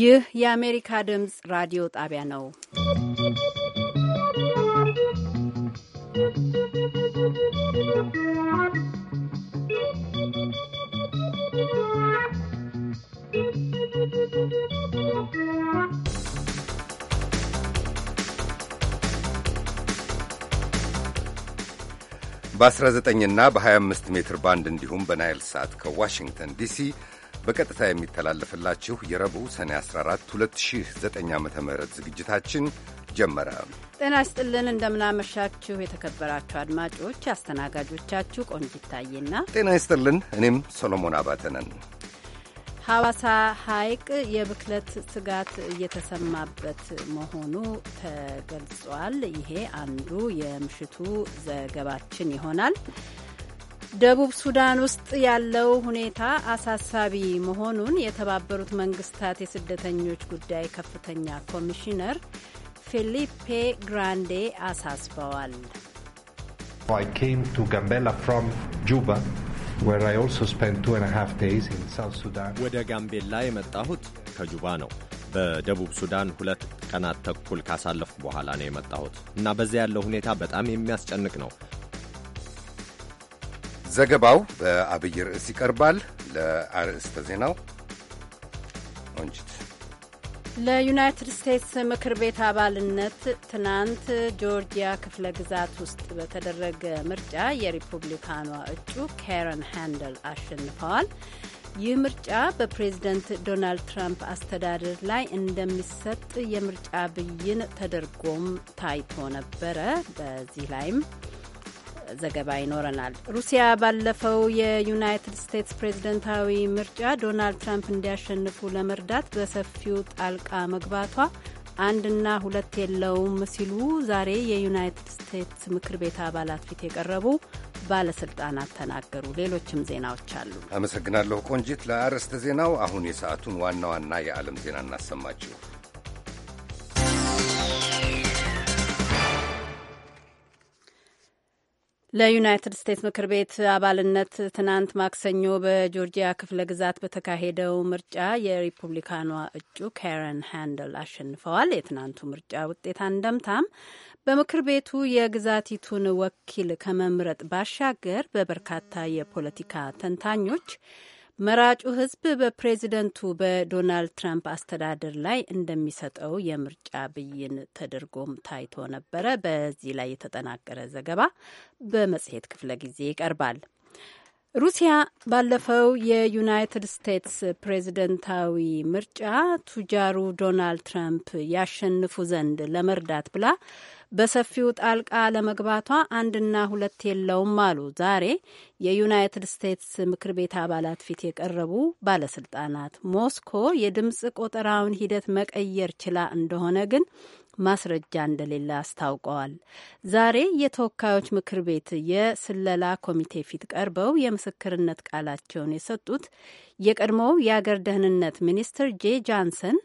ይህ የአሜሪካ ድምፅ ራዲዮ ጣቢያ ነው። በ19 እና በ25 ሜትር ባንድ እንዲሁም በናይል ሳት ከዋሽንግተን ዲሲ በቀጥታ የሚተላለፍላችሁ የረቡዕ ሰኔ 14 2009 ዓ ም ዝግጅታችን ጀመረ። ጤና ይስጥልን። እንደምናመሻችሁ የተከበራችሁ አድማጮች፣ አስተናጋጆቻችሁ ቆንጅ ታዬና ጤና ይስጥልን። እኔም ሰሎሞን አባተ ነን። ሐዋሳ ሐይቅ የብክለት ስጋት እየተሰማበት መሆኑ ተገልጿል። ይሄ አንዱ የምሽቱ ዘገባችን ይሆናል። ደቡብ ሱዳን ውስጥ ያለው ሁኔታ አሳሳቢ መሆኑን የተባበሩት መንግስታት የስደተኞች ጉዳይ ከፍተኛ ኮሚሽነር ፊሊፔ ግራንዴ አሳስበዋል። ወደ ጋምቤላ የመጣሁት ከጁባ ነው። በደቡብ ሱዳን ሁለት ቀናት ተኩል ካሳለፍኩ በኋላ ነው የመጣሁት እና በዚያ ያለው ሁኔታ በጣም የሚያስጨንቅ ነው። ዘገባው በአብይ ርዕስ ይቀርባል። ለአርዕስተ ዜናው ቆንጅት። ለዩናይትድ ስቴትስ ምክር ቤት አባልነት ትናንት ጆርጂያ ክፍለ ግዛት ውስጥ በተደረገ ምርጫ የሪፑብሊካኗ እጩ ካረን ሃንደል አሸንፈዋል። ይህ ምርጫ በፕሬዝደንት ዶናልድ ትራምፕ አስተዳደር ላይ እንደሚሰጥ የምርጫ ብይን ተደርጎም ታይቶ ነበረ። በዚህ ላይም ዘገባ ይኖረናል። ሩሲያ ባለፈው የዩናይትድ ስቴትስ ፕሬዝደንታዊ ምርጫ ዶናልድ ትራምፕ እንዲያሸንፉ ለመርዳት በሰፊው ጣልቃ መግባቷ አንድና ሁለት የለውም ሲሉ ዛሬ የዩናይትድ ስቴትስ ምክር ቤት አባላት ፊት የቀረቡ ባለስልጣናት ተናገሩ። ሌሎችም ዜናዎች አሉ። አመሰግናለሁ ቆንጂት ለአርዕስተ ዜናው። አሁን የሰዓቱን ዋና ዋና የዓለም ዜና እናሰማችሁ። ለዩናይትድ ስቴትስ ምክር ቤት አባልነት ትናንት ማክሰኞ በጆርጂያ ክፍለ ግዛት በተካሄደው ምርጫ የሪፑብሊካኗ እጩ ካረን ሃንደል አሸንፈዋል። የትናንቱ ምርጫ ውጤት አንደምታም በምክር ቤቱ የግዛቲቱን ወኪል ከመምረጥ ባሻገር በበርካታ የፖለቲካ ተንታኞች መራጩ ህዝብ በፕሬዚደንቱ በዶናልድ ትራምፕ አስተዳደር ላይ እንደሚሰጠው የምርጫ ብይን ተደርጎም ታይቶ ነበረ። በዚህ ላይ የተጠናቀረ ዘገባ በመጽሔት ክፍለ ጊዜ ይቀርባል። ሩሲያ ባለፈው የዩናይትድ ስቴትስ ፕሬዝደንታዊ ምርጫ ቱጃሩ ዶናልድ ትራምፕ ያሸንፉ ዘንድ ለመርዳት ብላ በሰፊው ጣልቃ ለመግባቷ አንድና ሁለት የለውም አሉ ዛሬ የዩናይትድ ስቴትስ ምክር ቤት አባላት ፊት የቀረቡ ባለስልጣናት። ሞስኮ የድምፅ ቆጠራውን ሂደት መቀየር ችላ እንደሆነ ግን ማስረጃ እንደሌለ አስታውቀዋል። ዛሬ የተወካዮች ምክር ቤት የስለላ ኮሚቴ ፊት ቀርበው የምስክርነት ቃላቸውን የሰጡት የቀድሞው የአገር ደህንነት ሚኒስትር ጄ ጃንሰን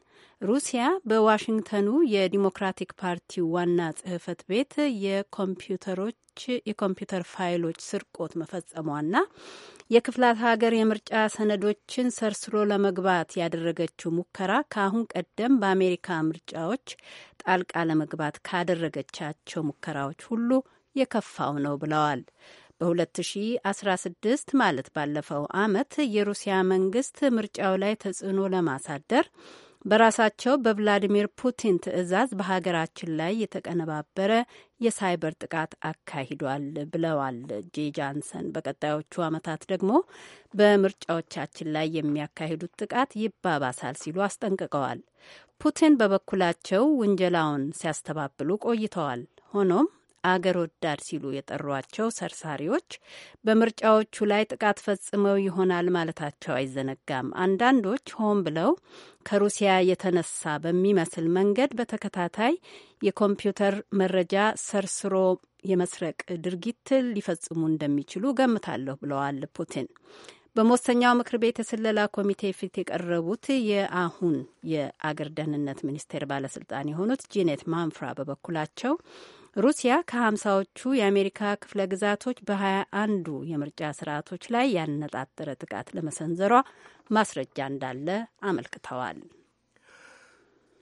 ሩሲያ በዋሽንግተኑ የዲሞክራቲክ ፓርቲ ዋና ጽህፈት ቤት የኮምፒውተሮች የኮምፒውተር ፋይሎች ስርቆት መፈጸሟና የክፍላት ሀገር የምርጫ ሰነዶችን ሰርስሮ ለመግባት ያደረገችው ሙከራ ከአሁን ቀደም በአሜሪካ ምርጫዎች ጣልቃ ለመግባት ካደረገቻቸው ሙከራዎች ሁሉ የከፋው ነው ብለዋል። በ2016 ማለት ባለፈው ዓመት የሩሲያ መንግስት ምርጫው ላይ ተጽዕኖ ለማሳደር በራሳቸው በቭላዲሚር ፑቲን ትዕዛዝ በሀገራችን ላይ የተቀነባበረ የሳይበር ጥቃት አካሂዷል ብለዋል ጄ ጃንሰን። በቀጣዮቹ ዓመታት ደግሞ በምርጫዎቻችን ላይ የሚያካሂዱት ጥቃት ይባባሳል ሲሉ አስጠንቅቀዋል። ፑቲን በበኩላቸው ውንጀላውን ሲያስተባብሉ ቆይተዋል። ሆኖም አገር ወዳድ ሲሉ የጠሯቸው ሰርሳሪዎች በምርጫዎቹ ላይ ጥቃት ፈጽመው ይሆናል ማለታቸው አይዘነጋም። አንዳንዶች ሆን ብለው ከሩሲያ የተነሳ በሚመስል መንገድ በተከታታይ የኮምፒውተር መረጃ ሰርስሮ የመስረቅ ድርጊት ሊፈጽሙ እንደሚችሉ ገምታለሁ ብለዋል ፑቲን። በመወሰኛው ምክር ቤት የስለላ ኮሚቴ ፊት የቀረቡት የአሁን የአገር ደህንነት ሚኒስቴር ባለስልጣን የሆኑት ጂኔት ማንፍራ በበኩላቸው ሩሲያ ከሀምሳዎቹ የአሜሪካ ክፍለ ግዛቶች በሀያ አንዱ የምርጫ ስርዓቶች ላይ ያነጣጠረ ጥቃት ለመሰንዘሯ ማስረጃ እንዳለ አመልክተዋል።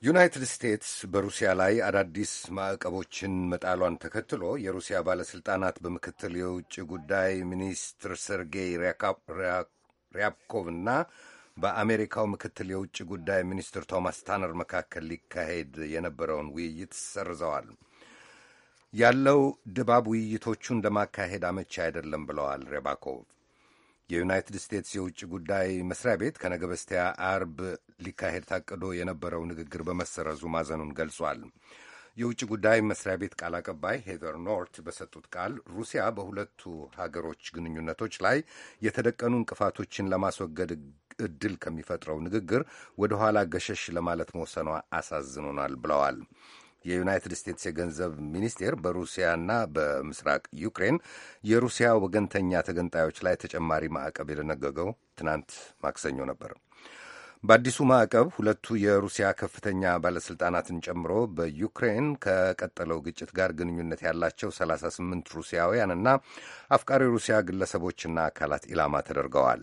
ዩናይትድ ስቴትስ በሩሲያ ላይ አዳዲስ ማዕቀቦችን መጣሏን ተከትሎ የሩሲያ ባለሥልጣናት በምክትል የውጭ ጉዳይ ሚኒስትር ሰርጌይ ሪያብኮቭ እና በአሜሪካው ምክትል የውጭ ጉዳይ ሚኒስትር ቶማስ ታነር መካከል ሊካሄድ የነበረውን ውይይት ሰርዘዋል። ያለው ድባብ ውይይቶቹን ለማካሄድ አመቺ አይደለም ብለዋል ሬባኮቭ። የዩናይትድ ስቴትስ የውጭ ጉዳይ መስሪያ ቤት ከነገ በስቲያ አርብ ሊካሄድ ታቅዶ የነበረው ንግግር በመሰረዙ ማዘኑን ገልጿል። የውጭ ጉዳይ መስሪያ ቤት ቃል አቀባይ ሄዘር ኖርት በሰጡት ቃል ሩሲያ በሁለቱ ሀገሮች ግንኙነቶች ላይ የተደቀኑ እንቅፋቶችን ለማስወገድ እድል ከሚፈጥረው ንግግር ወደ ኋላ ገሸሽ ለማለት መወሰኗ አሳዝኖናል ብለዋል። የዩናይትድ ስቴትስ የገንዘብ ሚኒስቴር በሩሲያና በምስራቅ ዩክሬን የሩሲያ ወገንተኛ ተገንጣዮች ላይ ተጨማሪ ማዕቀብ የደነገገው ትናንት ማክሰኞ ነበር። በአዲሱ ማዕቀብ ሁለቱ የሩሲያ ከፍተኛ ባለሥልጣናትን ጨምሮ በዩክሬን ከቀጠለው ግጭት ጋር ግንኙነት ያላቸው 38 ሩሲያውያንና አፍቃሪ ሩሲያ ግለሰቦችና አካላት ኢላማ ተደርገዋል።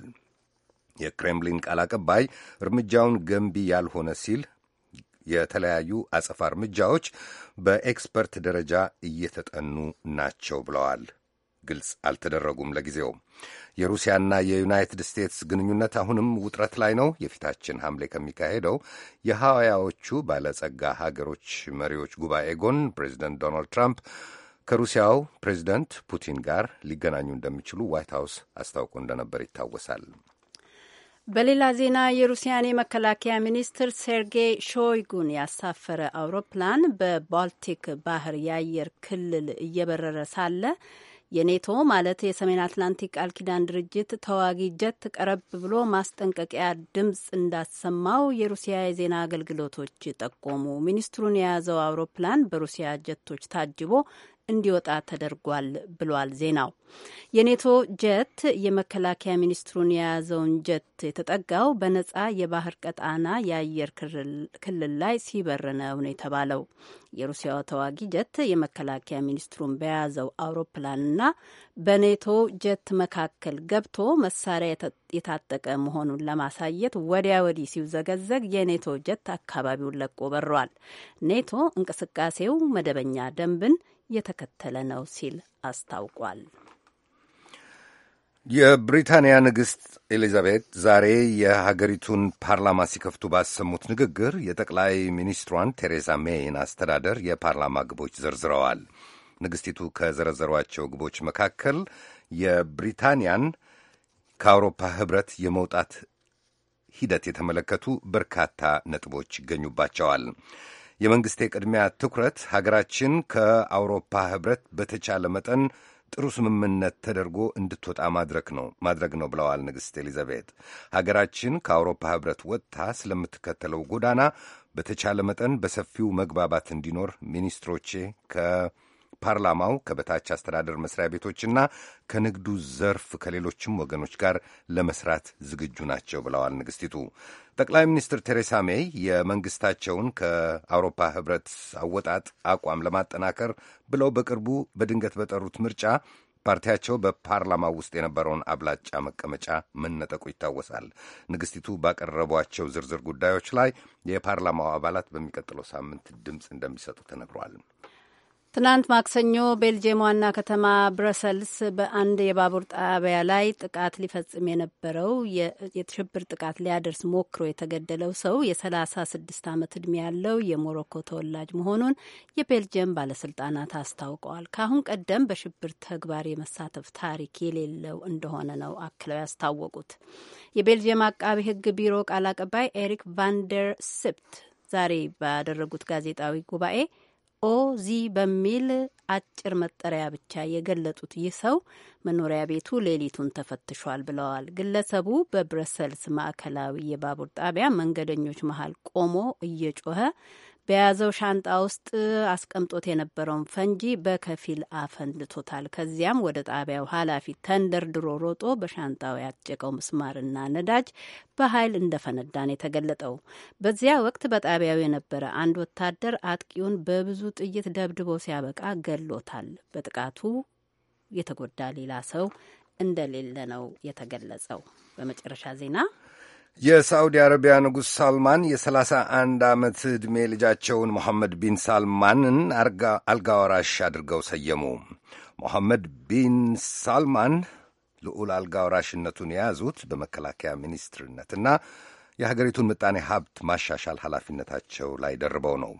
የክሬምሊን ቃል አቀባይ እርምጃውን ገንቢ ያልሆነ ሲል የተለያዩ አጸፋ እርምጃዎች በኤክስፐርት ደረጃ እየተጠኑ ናቸው ብለዋል። ግልጽ አልተደረጉም። ለጊዜው የሩሲያና የዩናይትድ ስቴትስ ግንኙነት አሁንም ውጥረት ላይ ነው። የፊታችን ሐምሌ ከሚካሄደው የሐዋያዎቹ ባለጸጋ ሀገሮች መሪዎች ጉባኤ ጎን ፕሬዚደንት ዶናልድ ትራምፕ ከሩሲያው ፕሬዚደንት ፑቲን ጋር ሊገናኙ እንደሚችሉ ዋይት ሀውስ አስታውቆ እንደነበር ይታወሳል። በሌላ ዜና የሩሲያን የመከላከያ ሚኒስትር ሴርጌይ ሾይጉን ያሳፈረ አውሮፕላን በባልቲክ ባህር የአየር ክልል እየበረረ ሳለ የኔቶ ማለት የሰሜን አትላንቲክ ቃል ኪዳን ድርጅት ተዋጊ ጀት ቀረብ ብሎ ማስጠንቀቂያ ድምፅ እንዳሰማው የሩሲያ የዜና አገልግሎቶች ጠቆሙ። ሚኒስትሩን የያዘው አውሮፕላን በሩሲያ ጀቶች ታጅቦ እንዲወጣ ተደርጓል ብሏል ዜናው። የኔቶ ጀት የመከላከያ ሚኒስትሩን የያዘውን ጀት የተጠጋው በነጻ የባህር ቀጣና የአየር ክልል ላይ ሲበር ነው ነው የተባለው። የሩሲያው ተዋጊ ጀት የመከላከያ ሚኒስትሩን በያዘው አውሮፕላንና በኔቶ ጀት መካከል ገብቶ መሳሪያ የታጠቀ መሆኑን ለማሳየት ወዲያ ወዲህ ሲውዘገዘግ የኔቶ ጀት አካባቢውን ለቆ በሯል። ኔቶ እንቅስቃሴው መደበኛ ደንብን የተከተለ ነው ሲል አስታውቋል። የብሪታንያ ንግሥት ኤሊዛቤት ዛሬ የሀገሪቱን ፓርላማ ሲከፍቱ ባሰሙት ንግግር የጠቅላይ ሚኒስትሯን ቴሬዛ ሜይን አስተዳደር የፓርላማ ግቦች ዘርዝረዋል። ንግሥቲቱ ከዘረዘሯቸው ግቦች መካከል የብሪታንያን ከአውሮፓ ኅብረት የመውጣት ሂደት የተመለከቱ በርካታ ነጥቦች ይገኙባቸዋል። የመንግሥቴ ቅድሚያ ትኩረት ሀገራችን ከአውሮፓ ኅብረት በተቻለ መጠን ጥሩ ስምምነት ተደርጎ እንድትወጣ ማድረግ ነው ማድረግ ነው ብለዋል ንግሥት ኤሊዛቤት። ሀገራችን ከአውሮፓ ኅብረት ወጥታ ስለምትከተለው ጎዳና በተቻለ መጠን በሰፊው መግባባት እንዲኖር ሚኒስትሮቼ ከፓርላማው ከበታች አስተዳደር መስሪያ ቤቶችና ከንግዱ ዘርፍ ከሌሎችም ወገኖች ጋር ለመስራት ዝግጁ ናቸው ብለዋል ንግሥቲቱ። ጠቅላይ ሚኒስትር ቴሬሳ ሜይ የመንግስታቸውን ከአውሮፓ ህብረት አወጣጥ አቋም ለማጠናከር ብለው በቅርቡ በድንገት በጠሩት ምርጫ ፓርቲያቸው በፓርላማ ውስጥ የነበረውን አብላጫ መቀመጫ መነጠቁ ይታወሳል። ንግስቲቱ ባቀረቧቸው ዝርዝር ጉዳዮች ላይ የፓርላማው አባላት በሚቀጥለው ሳምንት ድምፅ እንደሚሰጡ ተነግሯል። ትናንት ማክሰኞ ቤልጅየም ዋና ከተማ ብረሰልስ በአንድ የባቡር ጣቢያ ላይ ጥቃት ሊፈጽም የነበረው የሽብር ጥቃት ሊያደርስ ሞክሮ የተገደለው ሰው የሰላሳ ስድስት ዓመት ዕድሜ ያለው የሞሮኮ ተወላጅ መሆኑን የቤልጅየም ባለስልጣናት አስታውቀዋል። ከአሁን ቀደም በሽብር ተግባር የመሳተፍ ታሪክ የሌለው እንደሆነ ነው አክለው ያስታወቁት። የቤልጅየም አቃቢ ሕግ ቢሮ ቃል አቀባይ ኤሪክ ቫንደር ስፕት ዛሬ ባደረጉት ጋዜጣዊ ጉባኤ ኦዚ በሚል አጭር መጠሪያ ብቻ የገለጡት ይህ ሰው መኖሪያ ቤቱ ሌሊቱን ተፈትሿል ብለዋል። ግለሰቡ በብረሰልስ ማዕከላዊ የባቡር ጣቢያ መንገደኞች መሀል ቆሞ እየጮኸ በያዘው ሻንጣ ውስጥ አስቀምጦት የነበረውን ፈንጂ በከፊል አፈንድቶታል። ከዚያም ወደ ጣቢያው ኃላፊ ተንደርድሮ ሮጦ በሻንጣው ያጨቀው ምስማርና ነዳጅ በኃይል እንደፈነዳን የተገለጠው። በዚያ ወቅት በጣቢያው የነበረ አንድ ወታደር አጥቂውን በብዙ ጥይት ደብድቦ ሲያበቃ ገሎታል። በጥቃቱ የተጎዳ ሌላ ሰው እንደሌለ ነው የተገለጸው። በመጨረሻ ዜና የሳዑዲ አረቢያ ንጉሥ ሳልማን የ31 ዓመት ዕድሜ ልጃቸውን ሞሐመድ ቢን ሳልማንን አልጋወራሽ አድርገው ሰየሙ። ሞሐመድ ቢን ሳልማን ልዑል አልጋወራሽነቱን የያዙት በመከላከያ ሚኒስትርነትና የሀገሪቱን ምጣኔ ሀብት ማሻሻል ኃላፊነታቸው ላይ ደርበው ነው።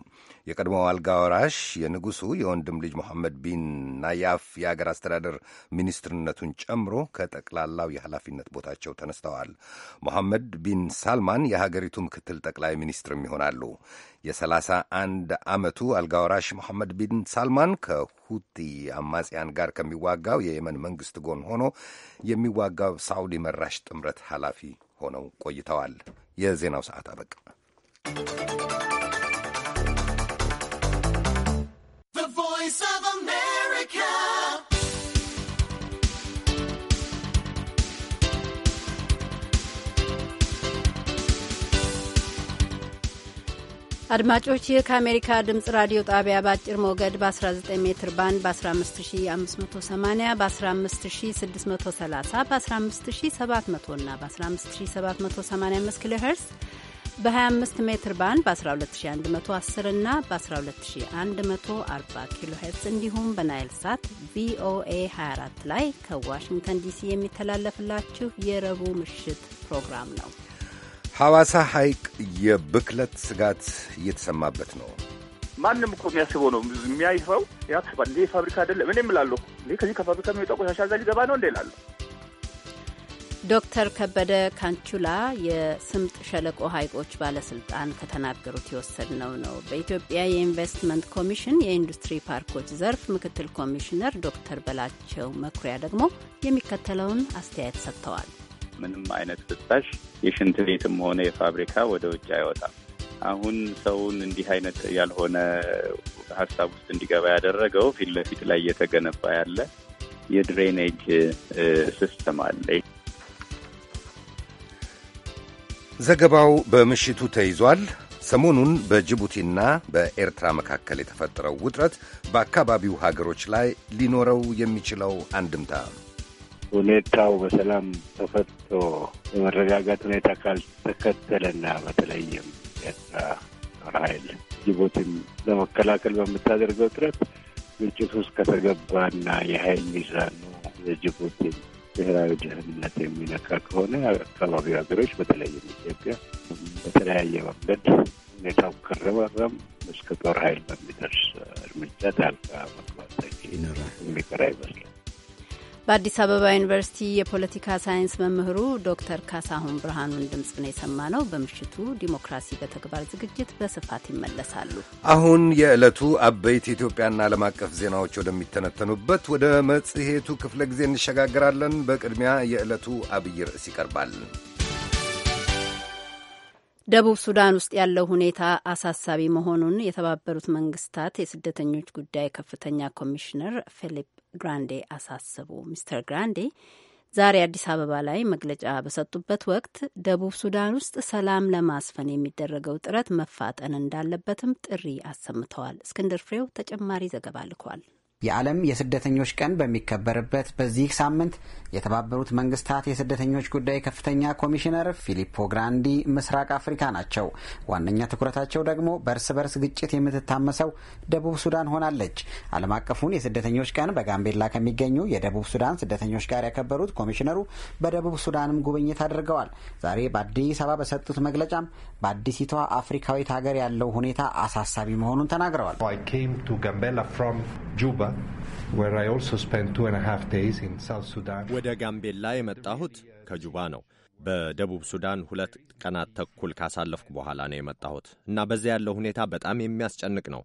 የቀድሞው አልጋ ወራሽ የንጉሡ የወንድም ልጅ ሞሐመድ ቢን ናያፍ የአገር አስተዳደር ሚኒስትርነቱን ጨምሮ ከጠቅላላው የኃላፊነት ቦታቸው ተነስተዋል። ሞሐመድ ቢን ሳልማን የሀገሪቱ ምክትል ጠቅላይ ሚኒስትርም ይሆናሉ። የሰላሳ አንድ ዓመቱ አልጋ ወራሽ ሞሐመድ ቢን ሳልማን ከሁቲ አማጽያን ጋር ከሚዋጋው የየመን መንግስት ጎን ሆኖ የሚዋጋው ሳዑዲ መራሽ ጥምረት ኃላፊ ሆነው ቆይተዋል። የዜናው ሰዓት አበቃ። አድማጮች ይህ ከአሜሪካ ድምጽ ራዲዮ ጣቢያ በአጭር ሞገድ በ19 ሜትር ባንድ በ15580 በ15630 በ15700 እና በ15785 ኪሎ ሄርስ በ25 ሜትር ባንድ በ12110 እና በ12140 ኪሎ ሄርስ እንዲሁም በናይል ሳት ቪኦኤ 24 ላይ ከዋሽንግተን ዲሲ የሚተላለፍላችሁ የረቡዕ ምሽት ፕሮግራም ነው። ሐዋሳ ሐይቅ የብክለት ስጋት እየተሰማበት ነው። ማንም እኮ የሚያስበው ነው የሚያይፈው ያስባል። ይህ ፋብሪካ አይደለም። እኔ እምላለሁ ከዚህ ከፋብሪካ የሚወጣው ቆሻሻ እዛ ሊገባ ነው እንደ እላለሁ። ዶክተር ከበደ ካንቹላ የስምጥ ሸለቆ ሐይቆች ባለስልጣን ከተናገሩት የወሰድነው ነው። በኢትዮጵያ የኢንቨስትመንት ኮሚሽን የኢንዱስትሪ ፓርኮች ዘርፍ ምክትል ኮሚሽነር ዶክተር በላቸው መኩሪያ ደግሞ የሚከተለውን አስተያየት ሰጥተዋል። ምንም አይነት ፍሳሽ የሽንት ቤትም ሆነ የፋብሪካ ወደ ውጭ አይወጣም። አሁን ሰውን እንዲህ አይነት ያልሆነ ሀሳብ ውስጥ እንዲገባ ያደረገው ፊት ለፊት ላይ እየተገነባ ያለ የድሬኔጅ ሲስተም አለ። ዘገባው በምሽቱ ተይዟል። ሰሞኑን በጅቡቲና በኤርትራ መካከል የተፈጠረው ውጥረት በአካባቢው ሀገሮች ላይ ሊኖረው የሚችለው አንድምታ ሁኔታው በሰላም ተፈቶ የመረጋጋት ሁኔታ ካልተከተለና በተለይም ኤርትራ ጦር ኃይል ጅቡቲም ለመከላከል በምታደርገው ጥረት ግጭት ውስጥ ከተገባና የኃይል ሚዛኑ የጅቡቲን ብሔራዊ ደህንነት የሚነካ ከሆነ አካባቢው ሀገሮች በተለይም ኢትዮጵያ በተለያየ መንገድ ሁኔታው ከረበረም እስከ ጦር ኃይል በሚደርስ እርምጃ ጣልቃ መግባት የሚቀር አይመስላል። በአዲስ አበባ ዩኒቨርሲቲ የፖለቲካ ሳይንስ መምህሩ ዶክተር ካሳሁን ብርሃኑን ድምፅ ነው ነው። በምሽቱ ዲሞክራሲ በተግባር ዝግጅት በስፋት ይመለሳሉ። አሁን የዕለቱ አበይት ኢትዮጵያና ዓለም አቀፍ ዜናዎች ወደሚተነተኑበት ወደ መጽሔቱ ክፍለ ጊዜ እንሸጋግራለን። በቅድሚያ የዕለቱ አብይ ርዕስ ይቀርባል። ደቡብ ሱዳን ውስጥ ያለው ሁኔታ አሳሳቢ መሆኑን የተባበሩት መንግስታት የስደተኞች ጉዳይ ከፍተኛ ኮሚሽነር ፊሊፕ ግራንዴ አሳሰቡ። ሚስተር ግራንዴ ዛሬ አዲስ አበባ ላይ መግለጫ በሰጡበት ወቅት ደቡብ ሱዳን ውስጥ ሰላም ለማስፈን የሚደረገው ጥረት መፋጠን እንዳለበትም ጥሪ አሰምተዋል። እስክንድር ፍሬው ተጨማሪ ዘገባ ልኳል። የዓለም የስደተኞች ቀን በሚከበርበት በዚህ ሳምንት የተባበሩት መንግስታት የስደተኞች ጉዳይ ከፍተኛ ኮሚሽነር ፊሊፖ ግራንዲ ምስራቅ አፍሪካ ናቸው። ዋነኛ ትኩረታቸው ደግሞ በእርስ በርስ ግጭት የምትታመሰው ደቡብ ሱዳን ሆናለች። ዓለም አቀፉን የስደተኞች ቀን በጋምቤላ ከሚገኙ የደቡብ ሱዳን ስደተኞች ጋር ያከበሩት ኮሚሽነሩ በደቡብ ሱዳንም ጉብኝት አድርገዋል። ዛሬ በአዲስ አበባ በሰጡት መግለጫም በአዲሲቷ አፍሪካዊት ሀገር ያለው ሁኔታ አሳሳቢ መሆኑን ተናግረዋል። ወደ ጋምቤላ የመጣሁት ከጁባ ነው። በደቡብ ሱዳን ሁለት ቀናት ተኩል ካሳለፍኩ በኋላ ነው የመጣሁት እና በዚያ ያለው ሁኔታ በጣም የሚያስጨንቅ ነው።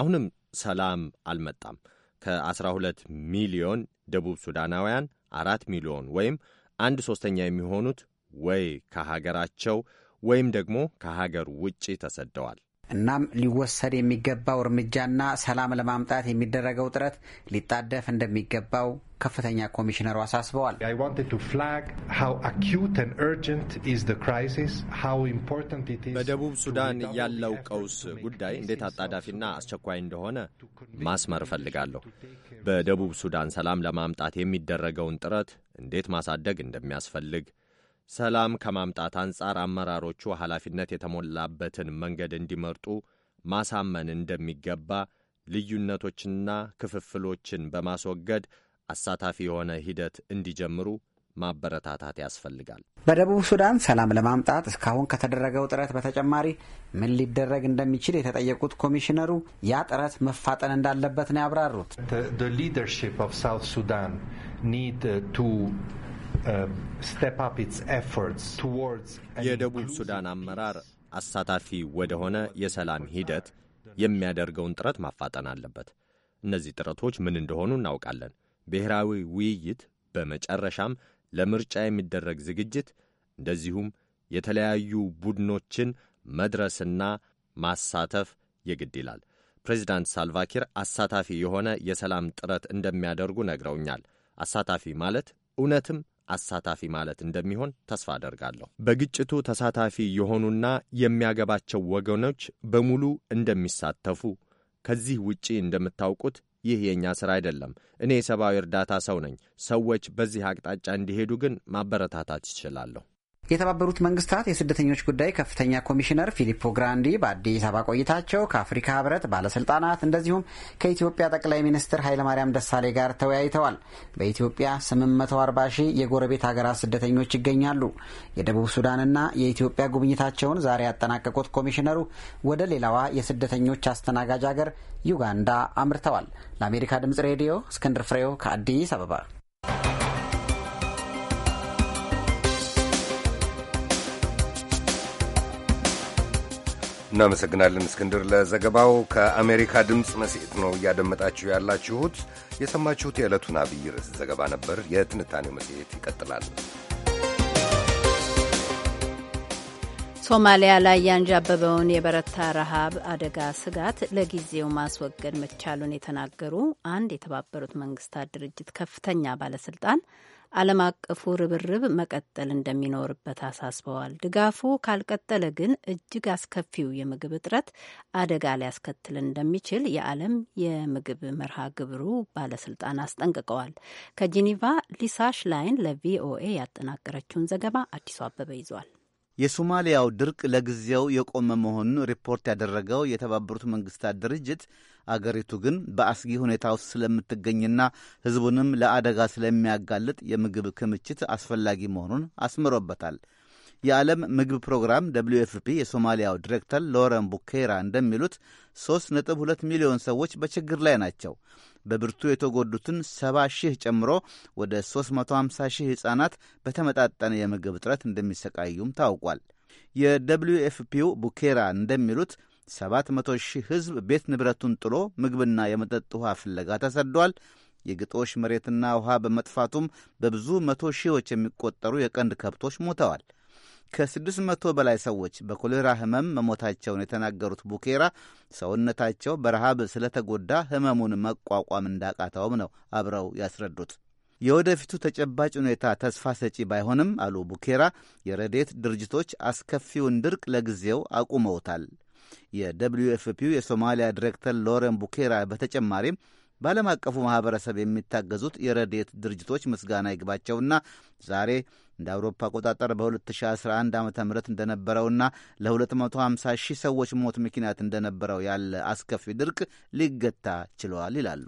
አሁንም ሰላም አልመጣም። ከ12 ሚሊዮን ደቡብ ሱዳናውያን አራት ሚሊዮን ወይም አንድ ሶስተኛ የሚሆኑት ወይ ከሀገራቸው ወይም ደግሞ ከሀገር ውጪ ተሰደዋል። እናም ሊወሰድ የሚገባው እርምጃና ሰላም ለማምጣት የሚደረገው ጥረት ሊጣደፍ እንደሚገባው ከፍተኛ ኮሚሽነሩ አሳስበዋል። በደቡብ ሱዳን ያለው ቀውስ ጉዳይ እንዴት አጣዳፊና አስቸኳይ እንደሆነ ማስመር እፈልጋለሁ። በደቡብ ሱዳን ሰላም ለማምጣት የሚደረገውን ጥረት እንዴት ማሳደግ እንደሚያስፈልግ ሰላም ከማምጣት አንጻር አመራሮቹ ኃላፊነት የተሞላበትን መንገድ እንዲመርጡ ማሳመን እንደሚገባ ልዩነቶችና ክፍፍሎችን በማስወገድ አሳታፊ የሆነ ሂደት እንዲጀምሩ ማበረታታት ያስፈልጋል። በደቡብ ሱዳን ሰላም ለማምጣት እስካሁን ከተደረገው ጥረት በተጨማሪ ምን ሊደረግ እንደሚችል የተጠየቁት ኮሚሽነሩ ያ ጥረት መፋጠን እንዳለበት ነው ያብራሩት። Um, የደቡብ ሱዳን አመራር አሳታፊ ወደሆነ የሰላም ሂደት የሚያደርገውን ጥረት ማፋጠን አለበት። እነዚህ ጥረቶች ምን እንደሆኑ እናውቃለን። ብሔራዊ ውይይት፣ በመጨረሻም ለምርጫ የሚደረግ ዝግጅት፣ እንደዚሁም የተለያዩ ቡድኖችን መድረስና ማሳተፍ የግድ ይላል። ፕሬዚዳንት ሳልቫኪር አሳታፊ የሆነ የሰላም ጥረት እንደሚያደርጉ ነግረውኛል። አሳታፊ ማለት እውነትም አሳታፊ ማለት እንደሚሆን ተስፋ አደርጋለሁ። በግጭቱ ተሳታፊ የሆኑና የሚያገባቸው ወገኖች በሙሉ እንደሚሳተፉ ከዚህ ውጪ እንደምታውቁት ይህ የእኛ ሥራ አይደለም። እኔ የሰብአዊ እርዳታ ሰው ነኝ። ሰዎች በዚህ አቅጣጫ እንዲሄዱ ግን ማበረታታት ይችላለሁ። የተባበሩት መንግስታት የስደተኞች ጉዳይ ከፍተኛ ኮሚሽነር ፊሊፖ ግራንዲ በአዲስ አበባ ቆይታቸው ከአፍሪካ ህብረት ባለስልጣናት እንደዚሁም ከኢትዮጵያ ጠቅላይ ሚኒስትር ኃይለማርያም ደሳሌ ጋር ተወያይተዋል። በኢትዮጵያ 840 ሺህ የጎረቤት ሀገራት ስደተኞች ይገኛሉ። የደቡብ ሱዳንና የኢትዮጵያ ጉብኝታቸውን ዛሬ ያጠናቀቁት ኮሚሽነሩ ወደ ሌላዋ የስደተኞች አስተናጋጅ ሀገር ዩጋንዳ አምርተዋል። ለአሜሪካ ድምጽ ሬዲዮ እስክንድር ፍሬው ከአዲስ አበባ እናመሰግናለን እስክንድር ለዘገባው። ከአሜሪካ ድምፅ መጽሔት ነው እያደመጣችሁ ያላችሁት። የሰማችሁት የዕለቱን አብይ ርዕስ ዘገባ ነበር። የትንታኔው መጽሔት ይቀጥላል። ሶማሊያ ላይ ያንዣበበውን የበረታ ረሃብ አደጋ ስጋት ለጊዜው ማስወገድ መቻሉን የተናገሩ አንድ የተባበሩት መንግስታት ድርጅት ከፍተኛ ባለስልጣን ዓለም አቀፉ ርብርብ መቀጠል እንደሚኖርበት አሳስበዋል። ድጋፉ ካልቀጠለ ግን እጅግ አስከፊው የምግብ እጥረት አደጋ ሊያስከትል እንደሚችል የዓለም የምግብ መርሃ ግብሩ ባለስልጣን አስጠንቅቀዋል። ከጂኒቫ ሊሳ ሽላይን ለቪኦኤ ያጠናቀረችውን ዘገባ አዲሱ አበበ ይዟል። የሶማሊያው ድርቅ ለጊዜው የቆመ መሆኑን ሪፖርት ያደረገው የተባበሩት መንግስታት ድርጅት አገሪቱ ግን በአስጊ ሁኔታ ውስጥ ስለምትገኝና ሕዝቡንም ለአደጋ ስለሚያጋልጥ የምግብ ክምችት አስፈላጊ መሆኑን አስምሮበታል። የዓለም ምግብ ፕሮግራም ደብሊው ኤፍ ፒ የሶማሊያው ዲሬክተር ሎረን ቡኬራ እንደሚሉት 3.2 ሚሊዮን ሰዎች በችግር ላይ ናቸው። በብርቱ የተጎዱትን 70 ሺህ ጨምሮ ወደ 350 ሺህ ሕፃናት በተመጣጠነ የምግብ እጥረት እንደሚሰቃዩም ታውቋል። የደብሊው ኤፍ ፒው ቡኬራ እንደሚሉት ሰባት መቶ ሺህ ሕዝብ ቤት ንብረቱን ጥሎ ምግብና የመጠጥ ውሃ ፍለጋ ተሰዷል። የግጦሽ መሬትና ውሃ በመጥፋቱም በብዙ መቶ ሺዎች የሚቆጠሩ የቀንድ ከብቶች ሞተዋል። ከስድስት መቶ በላይ ሰዎች በኮሌራ ህመም መሞታቸውን የተናገሩት ቡኬራ ሰውነታቸው በረሃብ ስለተጎዳ ህመሙን መቋቋም እንዳቃተውም ነው አብረው ያስረዱት። የወደፊቱ ተጨባጭ ሁኔታ ተስፋ ሰጪ ባይሆንም አሉ ቡኬራ፣ የረዴት ድርጅቶች አስከፊውን ድርቅ ለጊዜው አቁመውታል። የደብልዩ ኤፍ የሶማሊያ ዲሬክተር ሎረን ቡኬራ በተጨማሪም በዓለም አቀፉ ማህበረሰብ የሚታገዙት የረድኤት ድርጅቶች ምስጋና ይግባቸውና ዛሬ እንደ አውሮፓ አቆጣጠር በ2011 ዓ ም እንደነበረውና ለ250 ሺህ ሰዎች ሞት ምክንያት እንደነበረው ያለ አስከፊ ድርቅ ሊገታ ችሏል ይላሉ።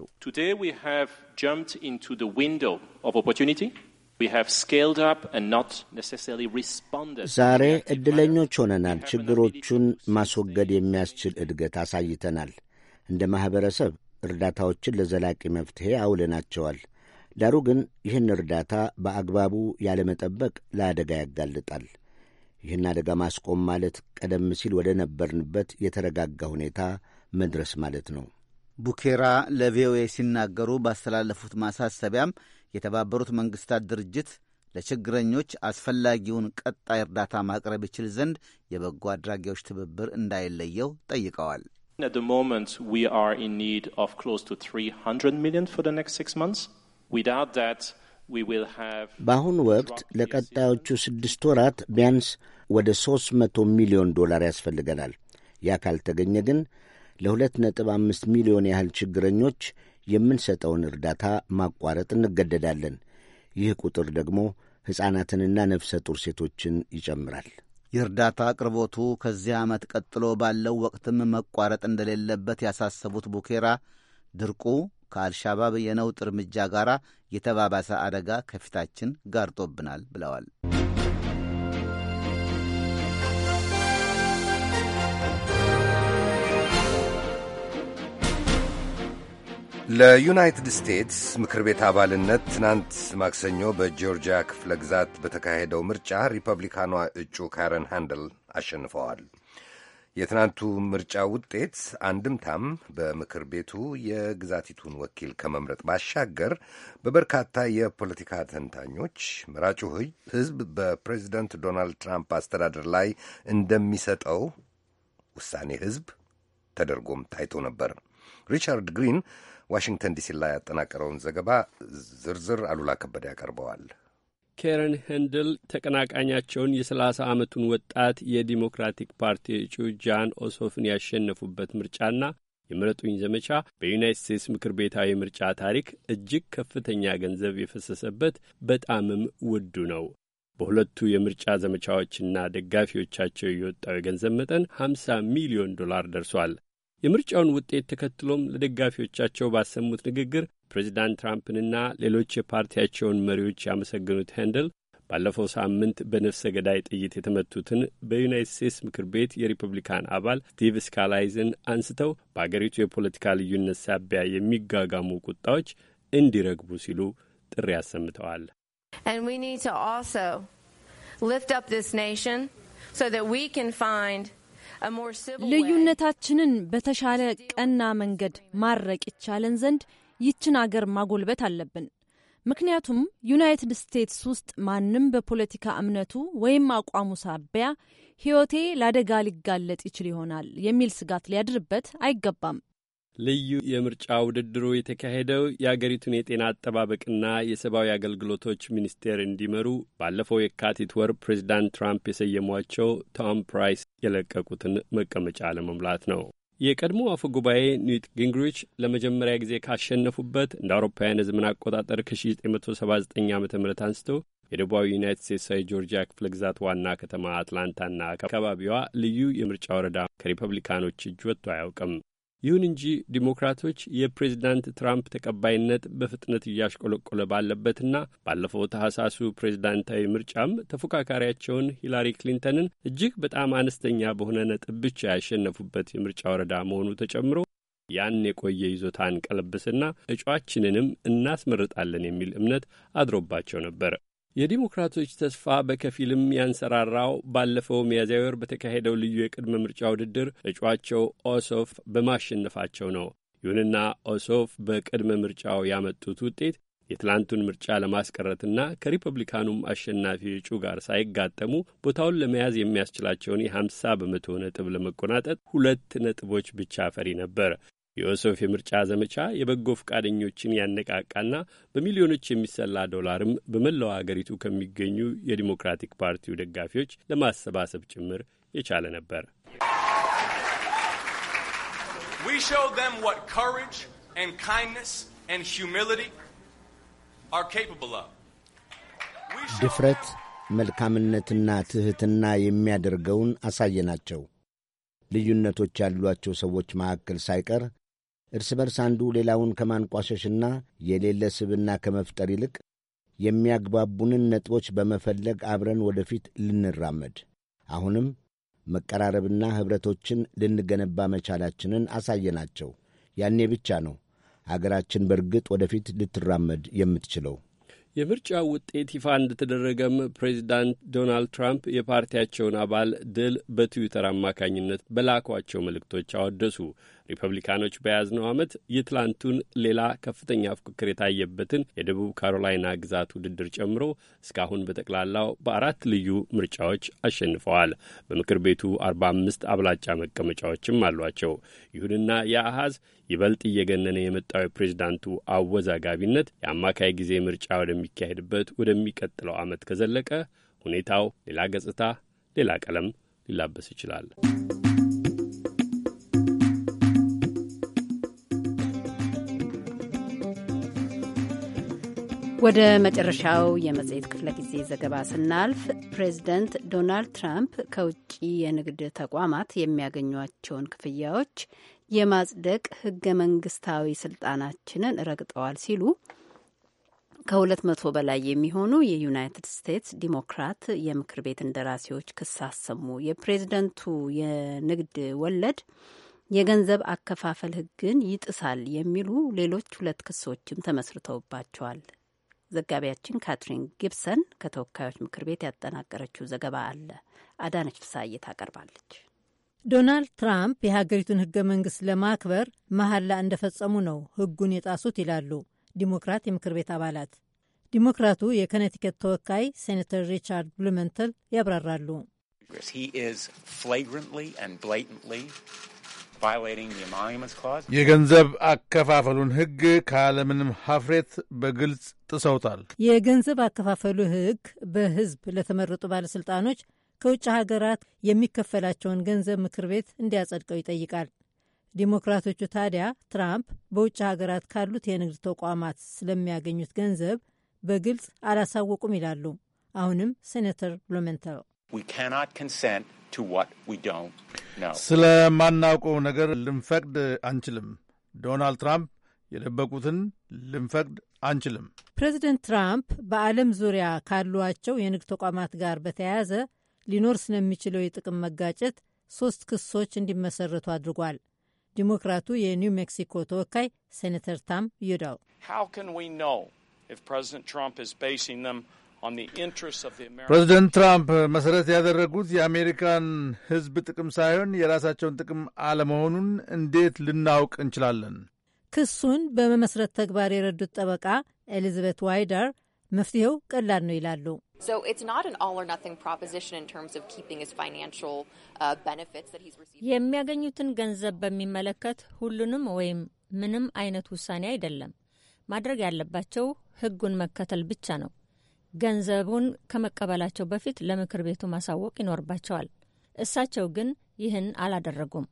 ዛሬ ዕድለኞች ሆነናል። ችግሮቹን ማስወገድ የሚያስችል እድገት አሳይተናል። እንደ ማኅበረሰብ እርዳታዎችን ለዘላቂ መፍትሔ አውለናቸዋል። ዳሩ ግን ይህን እርዳታ በአግባቡ ያለመጠበቅ ለአደጋ ያጋልጣል። ይህን አደጋ ማስቆም ማለት ቀደም ሲል ወደ ነበርንበት የተረጋጋ ሁኔታ መድረስ ማለት ነው። ቡኬራ ለቪኦኤ ሲናገሩ ባስተላለፉት ማሳሰቢያም የተባበሩት መንግስታት ድርጅት ለችግረኞች አስፈላጊውን ቀጣይ እርዳታ ማቅረብ ይችል ዘንድ የበጎ አድራጊዎች ትብብር እንዳይለየው ጠይቀዋል። በአሁኑ ወቅት ለቀጣዮቹ ስድስት ወራት ቢያንስ ወደ 300 ሚሊዮን ዶላር ያስፈልገናል። ያ ካልተገኘ ግን ለ2.5 ሚሊዮን ያህል ችግረኞች የምንሰጠውን እርዳታ ማቋረጥ እንገደዳለን። ይህ ቁጥር ደግሞ ሕፃናትንና ነፍሰ ጡር ሴቶችን ይጨምራል። የእርዳታ አቅርቦቱ ከዚህ ዓመት ቀጥሎ ባለው ወቅትም መቋረጥ እንደሌለበት ያሳሰቡት ቡኬራ ድርቁ ከአልሻባብ የነውጥ እርምጃ ጋር የተባባሰ አደጋ ከፊታችን ጋርጦብናል ብለዋል። ለዩናይትድ ስቴትስ ምክር ቤት አባልነት ትናንት ማክሰኞ በጂዮርጂያ ክፍለ ግዛት በተካሄደው ምርጫ ሪፐብሊካኗ እጩ ካረን ሃንደል አሸንፈዋል። የትናንቱ ምርጫ ውጤት አንድምታም በምክር ቤቱ የግዛቲቱን ወኪል ከመምረጥ ባሻገር በበርካታ የፖለቲካ ተንታኞች መራጩ ሕዝብ በፕሬዚደንት ዶናልድ ትራምፕ አስተዳደር ላይ እንደሚሰጠው ውሳኔ ሕዝብ ተደርጎም ታይቶ ነበር። ሪቻርድ ግሪን ዋሽንግተን ዲሲ ላይ ያጠናቀረውን ዘገባ ዝርዝር አሉላ ከበደ ያቀርበዋል። ኬረን ሄንድል ተቀናቃኛቸውን የ30 ዓመቱን ወጣት የዲሞክራቲክ ፓርቲ እጩ ጃን ኦሶፍን ያሸነፉበት ምርጫና የምረጡኝ ዘመቻ በዩናይት ስቴትስ ምክር ቤታዊ ምርጫ ታሪክ እጅግ ከፍተኛ ገንዘብ የፈሰሰበት በጣምም ውዱ ነው። በሁለቱ የምርጫ ዘመቻዎችና ደጋፊዎቻቸው የወጣው የገንዘብ መጠን 50 ሚሊዮን ዶላር ደርሷል። የምርጫውን ውጤት ተከትሎም ለደጋፊዎቻቸው ባሰሙት ንግግር ፕሬዚዳንት ትራምፕንና ሌሎች የፓርቲያቸውን መሪዎች ያመሰገኑት ሄንደል ባለፈው ሳምንት በነፍሰ ገዳይ ጥይት የተመቱትን በዩናይት ስቴትስ ምክር ቤት የሪፐብሊካን አባል ስቲቭ ስካላይዝን አንስተው በአገሪቱ የፖለቲካ ልዩነት ሳቢያ የሚጋጋሙ ቁጣዎች እንዲረግቡ ሲሉ ጥሪ አሰምተዋል። And we need to also lift up this nation so that we can find ልዩነታችንን በተሻለ ቀና መንገድ ማረቅ ይቻለን ዘንድ ይችን አገር ማጎልበት አለብን። ምክንያቱም ዩናይትድ ስቴትስ ውስጥ ማንም በፖለቲካ እምነቱ ወይም አቋሙ ሳቢያ ሕይወቴ ለአደጋ ሊጋለጥ ይችል ይሆናል የሚል ስጋት ሊያድርበት አይገባም። ልዩ የምርጫ ውድድሩ የተካሄደው የአገሪቱን የጤና አጠባበቅና የሰብአዊ አገልግሎቶች ሚኒስቴር እንዲመሩ ባለፈው የካቲት ወር ፕሬዚዳንት ትራምፕ የሰየሟቸው ቶም ፕራይስ የለቀቁትን መቀመጫ ለመሙላት ነው። የቀድሞ አፈ ጉባኤ ኒውት ጊንግሪች ለመጀመሪያ ጊዜ ካሸነፉበት እንደ አውሮፓውያን የዘመን አቆጣጠር ከ1979 ዓ ም አንስቶ የደቡባዊ ዩናይትድ ስቴትስ ጆርጂያ ክፍለ ግዛት ዋና ከተማ አትላንታና አካባቢዋ ልዩ የምርጫ ወረዳ ከሪፐብሊካኖች እጅ ወጥቶ አያውቅም። ይሁን እንጂ ዲሞክራቶች የፕሬዚዳንት ትራምፕ ተቀባይነት በፍጥነት እያሽቆለቆለ ባለበትና ባለፈው ታህሳሱ ፕሬዚዳንታዊ ምርጫም ተፎካካሪያቸውን ሂላሪ ክሊንተንን እጅግ በጣም አነስተኛ በሆነ ነጥብ ብቻ ያሸነፉበት የምርጫ ወረዳ መሆኑ ተጨምሮ ያን የቆየ ይዞታን ቀለብስና እጩአችንንም እናስመርጣለን የሚል እምነት አድሮባቸው ነበር። የዲሞክራቶች ተስፋ በከፊልም ያንሰራራው ባለፈው ሚያዝያ ወር በተካሄደው ልዩ የቅድመ ምርጫ ውድድር እጩአቸው ኦሶፍ በማሸነፋቸው ነው። ይሁንና ኦሶፍ በቅድመ ምርጫው ያመጡት ውጤት የትላንቱን ምርጫ ለማስቀረትና ከሪፐብሊካኑም አሸናፊ እጩ ጋር ሳይጋጠሙ ቦታውን ለመያዝ የሚያስችላቸውን የ50 በመቶ ነጥብ ለመቆናጠጥ ሁለት ነጥቦች ብቻ ፈሪ ነበር። የኦሶፍ የምርጫ ዘመቻ የበጎ ፈቃደኞችን ያነቃቃና በሚሊዮኖች የሚሰላ ዶላርም በመላው አገሪቱ ከሚገኙ የዲሞክራቲክ ፓርቲው ደጋፊዎች ለማሰባሰብ ጭምር የቻለ ነበር። ድፍረት መልካምነትና ትሕትና የሚያደርገውን አሳየናቸው። ልዩነቶች ያሏቸው ሰዎች መካከል ሳይቀር እርስ በርስ አንዱ ሌላውን ከማንቋሸሽና የሌለ ስብና ከመፍጠር ይልቅ የሚያግባቡንን ነጥቦች በመፈለግ አብረን ወደፊት ልንራመድ አሁንም መቀራረብና ኅብረቶችን ልንገነባ መቻላችንን አሳየናቸው። ያኔ ብቻ ነው አገራችን በእርግጥ ወደፊት ልትራመድ የምትችለው። የምርጫ ውጤት ይፋ እንደተደረገም ፕሬዚዳንት ዶናልድ ትራምፕ የፓርቲያቸውን አባል ድል በትዊተር አማካኝነት በላኳቸው መልእክቶች አወደሱ። ሪፐብሊካኖች በያዝነው ዓመት የትላንቱን ሌላ ከፍተኛ ፉክክር የታየበትን የደቡብ ካሮላይና ግዛት ውድድር ጨምሮ እስካሁን በጠቅላላው በአራት ልዩ ምርጫዎች አሸንፈዋል። በምክር ቤቱ አርባ አምስት አብላጫ መቀመጫዎችም አሏቸው። ይሁንና የአሃዝ ይበልጥ እየገነነ የመጣው የፕሬዝዳንቱ አወዛጋቢነት የአማካይ ጊዜ ምርጫ ወደሚካሄድበት ወደሚቀጥለው ዓመት ከዘለቀ ሁኔታው ሌላ ገጽታ፣ ሌላ ቀለም ሊላበስ ይችላል። ወደ መጨረሻው የመጽሔት ክፍለ ጊዜ ዘገባ ስናልፍ ፕሬዚደንት ዶናልድ ትራምፕ ከውጭ የንግድ ተቋማት የሚያገኟቸውን ክፍያዎች የማጽደቅ ህገ መንግስታዊ ስልጣናችንን ረግጠዋል ሲሉ ከሁለት መቶ በላይ የሚሆኑ የዩናይትድ ስቴትስ ዲሞክራት የምክር ቤት እንደራሴዎች ክስ አሰሙ። የፕሬዝደንቱ የንግድ ወለድ የገንዘብ አከፋፈል ህግን ይጥሳል የሚሉ ሌሎች ሁለት ክሶችም ተመስርተውባቸዋል። ዘጋቢያችን ካትሪን ጊብሰን ከተወካዮች ምክር ቤት ያጠናቀረችው ዘገባ አለ። አዳነች ፍሳዬ ታቀርባለች። ዶናልድ ትራምፕ የሀገሪቱን ህገ መንግስት ለማክበር መሐላ እንደፈጸሙ ነው ህጉን የጣሱት ይላሉ ዲሞክራት የምክር ቤት አባላት። ዲሞክራቱ የኮነቲከት ተወካይ ሴኔተር ሪቻርድ ብሉመንተል ያብራራሉ። የገንዘብ አከፋፈሉን ሕግ ካለምንም ሀፍሬት በግልጽ ጥሰውታል። የገንዘብ አከፋፈሉ ሕግ በህዝብ ለተመረጡ ባለሥልጣኖች ከውጭ ሀገራት የሚከፈላቸውን ገንዘብ ምክር ቤት እንዲያጸድቀው ይጠይቃል። ዲሞክራቶቹ ታዲያ ትራምፕ በውጭ ሀገራት ካሉት የንግድ ተቋማት ስለሚያገኙት ገንዘብ በግልጽ አላሳወቁም ይላሉ። አሁንም ሴኔተር ብሉመንተል ስለማናውቀው ነገር ልንፈቅድ አንችልም። ዶናልድ ትራምፕ የደበቁትን ልንፈቅድ አንችልም። ፕሬዚደንት ትራምፕ በዓለም ዙሪያ ካሏቸው የንግድ ተቋማት ጋር በተያያዘ ሊኖር ስለሚችለው የጥቅም መጋጨት ሶስት ክሶች እንዲመሰረቱ አድርጓል። ዲሞክራቱ የኒው ሜክሲኮ ተወካይ ሴኔተር ታም ዩዳው ፕሬዚደንት ትራምፕ መሰረት ያደረጉት የአሜሪካን ሕዝብ ጥቅም ሳይሆን የራሳቸውን ጥቅም አለመሆኑን እንዴት ልናውቅ እንችላለን? ክሱን በመመስረት ተግባር የረዱት ጠበቃ ኤሊዛቤት ዋይደር መፍትሄው ቀላል ነው ይላሉ። uh, የሚያገኙትን ገንዘብ በሚመለከት ሁሉንም ወይም ምንም አይነት ውሳኔ አይደለም። ማድረግ ያለባቸው ሕጉን መከተል ብቻ ነው። ገንዘቡን ከመቀበላቸው በፊት ለምክር ቤቱ ማሳወቅ ይኖርባቸዋል። እሳቸው ግን ይህን አላደረጉም።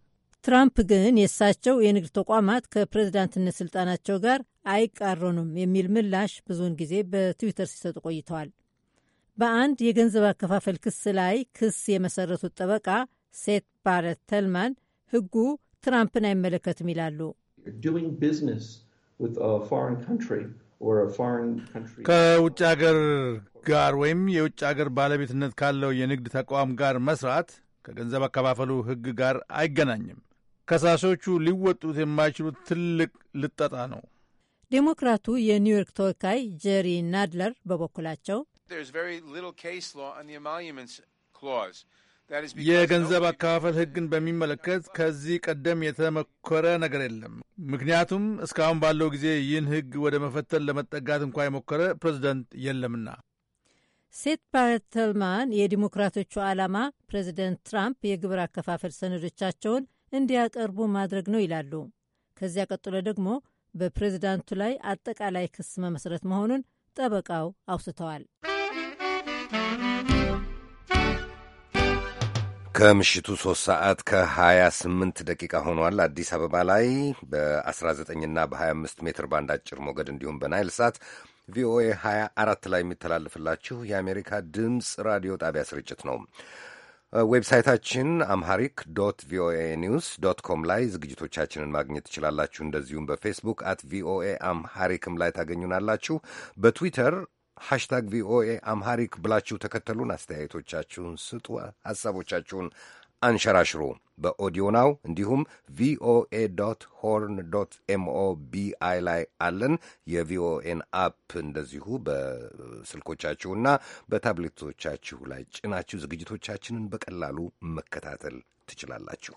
ትራምፕ ግን የእሳቸው የንግድ ተቋማት ከፕሬዝዳንትነት ስልጣናቸው ጋር አይቃረኑም የሚል ምላሽ ብዙውን ጊዜ በትዊተር ሲሰጡ ቆይተዋል። በአንድ የገንዘብ አከፋፈል ክስ ላይ ክስ የመሰረቱት ጠበቃ ሴት ባረት ተልማን ሕጉ ትራምፕን አይመለከትም ይላሉ። ከውጭ አገር ጋር ወይም የውጭ አገር ባለቤትነት ካለው የንግድ ተቋም ጋር መስራት ከገንዘብ አከፋፈሉ ሕግ ጋር አይገናኝም። ከሳሾቹ ሊወጡት የማይችሉት ትልቅ ልጠጣ ነው። ዴሞክራቱ የኒውዮርክ ተወካይ ጄሪ ናድለር በበኩላቸው የገንዘብ አከፋፈል ሕግን በሚመለከት ከዚህ ቀደም የተመኮረ ነገር የለም። ምክንያቱም እስካሁን ባለው ጊዜ ይህን ሕግ ወደ መፈተን ለመጠጋት እንኳ የሞከረ ፕሬዚደንት የለምና። ሴት ባረት የዲሞክራቶቹ ዓላማ ፕሬዚደንት ትራምፕ የግብር አከፋፈል ሰነዶቻቸውን እንዲያቀርቡ ማድረግ ነው ይላሉ። ከዚያ ቀጥሎ ደግሞ በፕሬዚዳንቱ ላይ አጠቃላይ ክስ መመስረት መሆኑን ጠበቃው አውስተዋል። ከምሽቱ 3 ሰዓት ከ28 ደቂቃ ሆኗል። አዲስ አበባ ላይ በ19ና በ25 ሜትር ባንድ አጭር ሞገድ እንዲሁም በናይል ሰዓት ቪኦኤ 24 ላይ የሚተላለፍላችሁ የአሜሪካ ድምፅ ራዲዮ ጣቢያ ስርጭት ነው። ዌብሳይታችን አምሃሪክ ዶት ቪኦኤ ኒውስ ዶት ኮም ላይ ዝግጅቶቻችንን ማግኘት ትችላላችሁ። እንደዚሁም በፌስቡክ አት ቪኦኤ አምሃሪክም ላይ ታገኙናላችሁ። በትዊተር ሃሽታግ ቪኦኤ አምሃሪክ ብላችሁ ተከተሉን። አስተያየቶቻችሁን ስጡ፣ ሐሳቦቻችሁን አንሸራሽሩ። በኦዲዮ ናው እንዲሁም ቪኦኤ ዶት ሆርን ዶት ኤምኦ ቢአይ ላይ አለን። የቪኦኤን አፕ እንደዚሁ በስልኮቻችሁና በታብሌቶቻችሁ ላይ ጭናችሁ ዝግጅቶቻችንን በቀላሉ መከታተል ትችላላችሁ።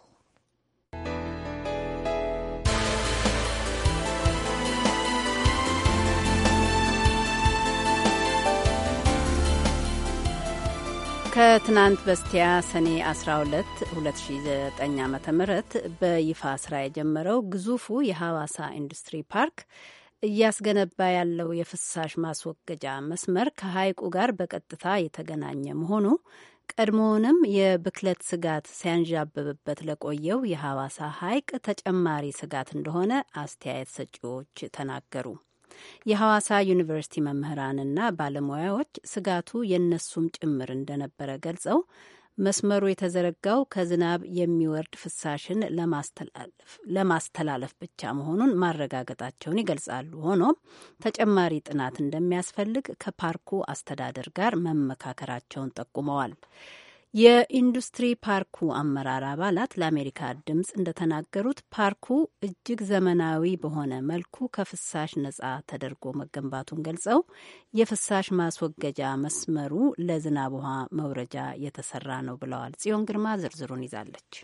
ከትናንት በስቲያ ሰኔ 12 2009 ዓ ም በይፋ ስራ የጀመረው ግዙፉ የሐዋሳ ኢንዱስትሪ ፓርክ እያስገነባ ያለው የፍሳሽ ማስወገጃ መስመር ከሐይቁ ጋር በቀጥታ የተገናኘ መሆኑ ቀድሞውንም የብክለት ስጋት ሲያንዣብብበት ለቆየው የሐዋሳ ሐይቅ ተጨማሪ ስጋት እንደሆነ አስተያየት ሰጪዎች ተናገሩ። የሐዋሳ ዩኒቨርሲቲ መምህራንና ባለሙያዎች ስጋቱ የእነሱም ጭምር እንደነበረ ገልጸው መስመሩ የተዘረጋው ከዝናብ የሚወርድ ፍሳሽን ለማስተላለፍ ብቻ መሆኑን ማረጋገጣቸውን ይገልጻሉ። ሆኖም ተጨማሪ ጥናት እንደሚያስፈልግ ከፓርኩ አስተዳደር ጋር መመካከራቸውን ጠቁመዋል። የኢንዱስትሪ ፓርኩ አመራር አባላት ለአሜሪካ ድምፅ እንደተናገሩት ፓርኩ እጅግ ዘመናዊ በሆነ መልኩ ከፍሳሽ ነጻ ተደርጎ መገንባቱን ገልጸው የፍሳሽ ማስወገጃ መስመሩ ለዝናብ ውሃ መውረጃ የተሰራ ነው ብለዋል። ጽዮን ግርማ ዝርዝሩን ይዛለች።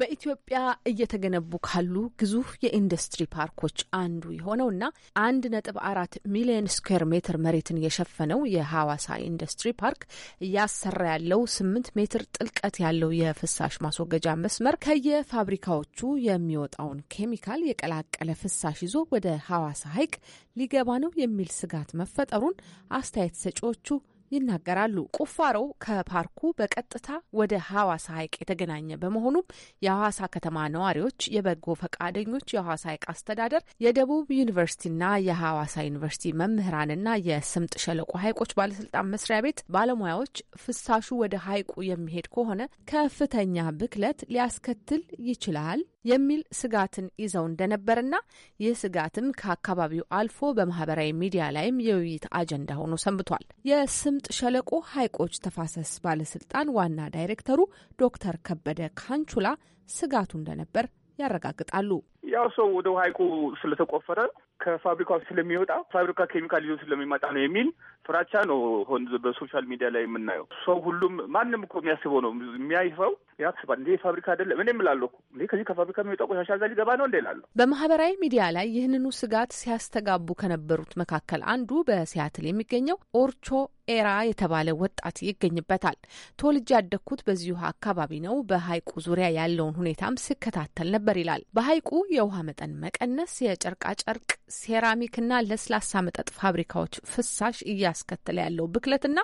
በኢትዮጵያ እየተገነቡ ካሉ ግዙፍ የኢንዱስትሪ ፓርኮች አንዱ የሆነው ና አንድ ነጥብ አራት ሚሊዮን ስኩዌር ሜትር መሬትን የሸፈነው የሐዋሳ ኢንዱስትሪ ፓርክ እያሰራ ያለው ስምንት ሜትር ጥልቀት ያለው የፍሳሽ ማስወገጃ መስመር ከየፋብሪካዎቹ የሚወጣውን ኬሚካል የቀላቀለ ፍሳሽ ይዞ ወደ ሐዋሳ ሐይቅ ሊገባ ነው የሚል ስጋት መፈጠሩን አስተያየት ሰጪዎቹ ይናገራሉ። ቁፋሮ ከፓርኩ በቀጥታ ወደ ሐዋሳ ሐይቅ የተገናኘ በመሆኑም የሐዋሳ ከተማ ነዋሪዎች፣ የበጎ ፈቃደኞች፣ የሐዋሳ ሐይቅ አስተዳደር፣ የደቡብ ዩኒቨርሲቲና የሐዋሳ ዩኒቨርሲቲ መምህራንና የስምጥ ሸለቆ ሐይቆች ባለስልጣን መስሪያ ቤት ባለሙያዎች ፍሳሹ ወደ ሐይቁ የሚሄድ ከሆነ ከፍተኛ ብክለት ሊያስከትል ይችላል የሚል ስጋትን ይዘው እንደነበርና ይህ ስጋትም ከአካባቢው አልፎ በማህበራዊ ሚዲያ ላይም የውይይት አጀንዳ ሆኖ ሰንብቷል። የስም የስምጥ ሸለቆ ሐይቆች ተፋሰስ ባለስልጣን ዋና ዳይሬክተሩ ዶክተር ከበደ ካንቹላ ስጋቱ እንደነበር ያረጋግጣሉ። ያው ሰው ወደ ሐይቁ ስለተቆፈረ ከፋብሪካ ስለሚወጣ ፋብሪካ ኬሚካል ይዞ ስለሚመጣ ነው የሚል ፍራቻ ነው ሆን በሶሻል ሚዲያ ላይ የምናየው። ሰው ሁሉም ማንም እኮ የሚያስበው ነው የሚያይፈው ያስባል እንዴ? ፋብሪካ አይደለም እኔ እምላለሁ እንዴ? ከዚህ ከፋብሪካ የሚወጣው ቆሻሻ እዛ ሊገባ ነው እንዴ እላለሁ። በማህበራዊ ሚዲያ ላይ ይህንኑ ስጋት ሲያስተጋቡ ከነበሩት መካከል አንዱ በሲያትል የሚገኘው ኦርቾ ኤራ የተባለ ወጣት ይገኝበታል። ተወልጄ ያደግኩት በዚሁ አካባቢ ነው። በሀይቁ ዙሪያ ያለውን ሁኔታም ስከታተል ነበር ይላል። በሀይቁ የውሃ መጠን መቀነስ፣ የጨርቃጨርቅ ሴራሚክና ለስላሳ መጠጥ ፋብሪካዎች ፍሳሽ እያስከተለ ያለው ብክለትና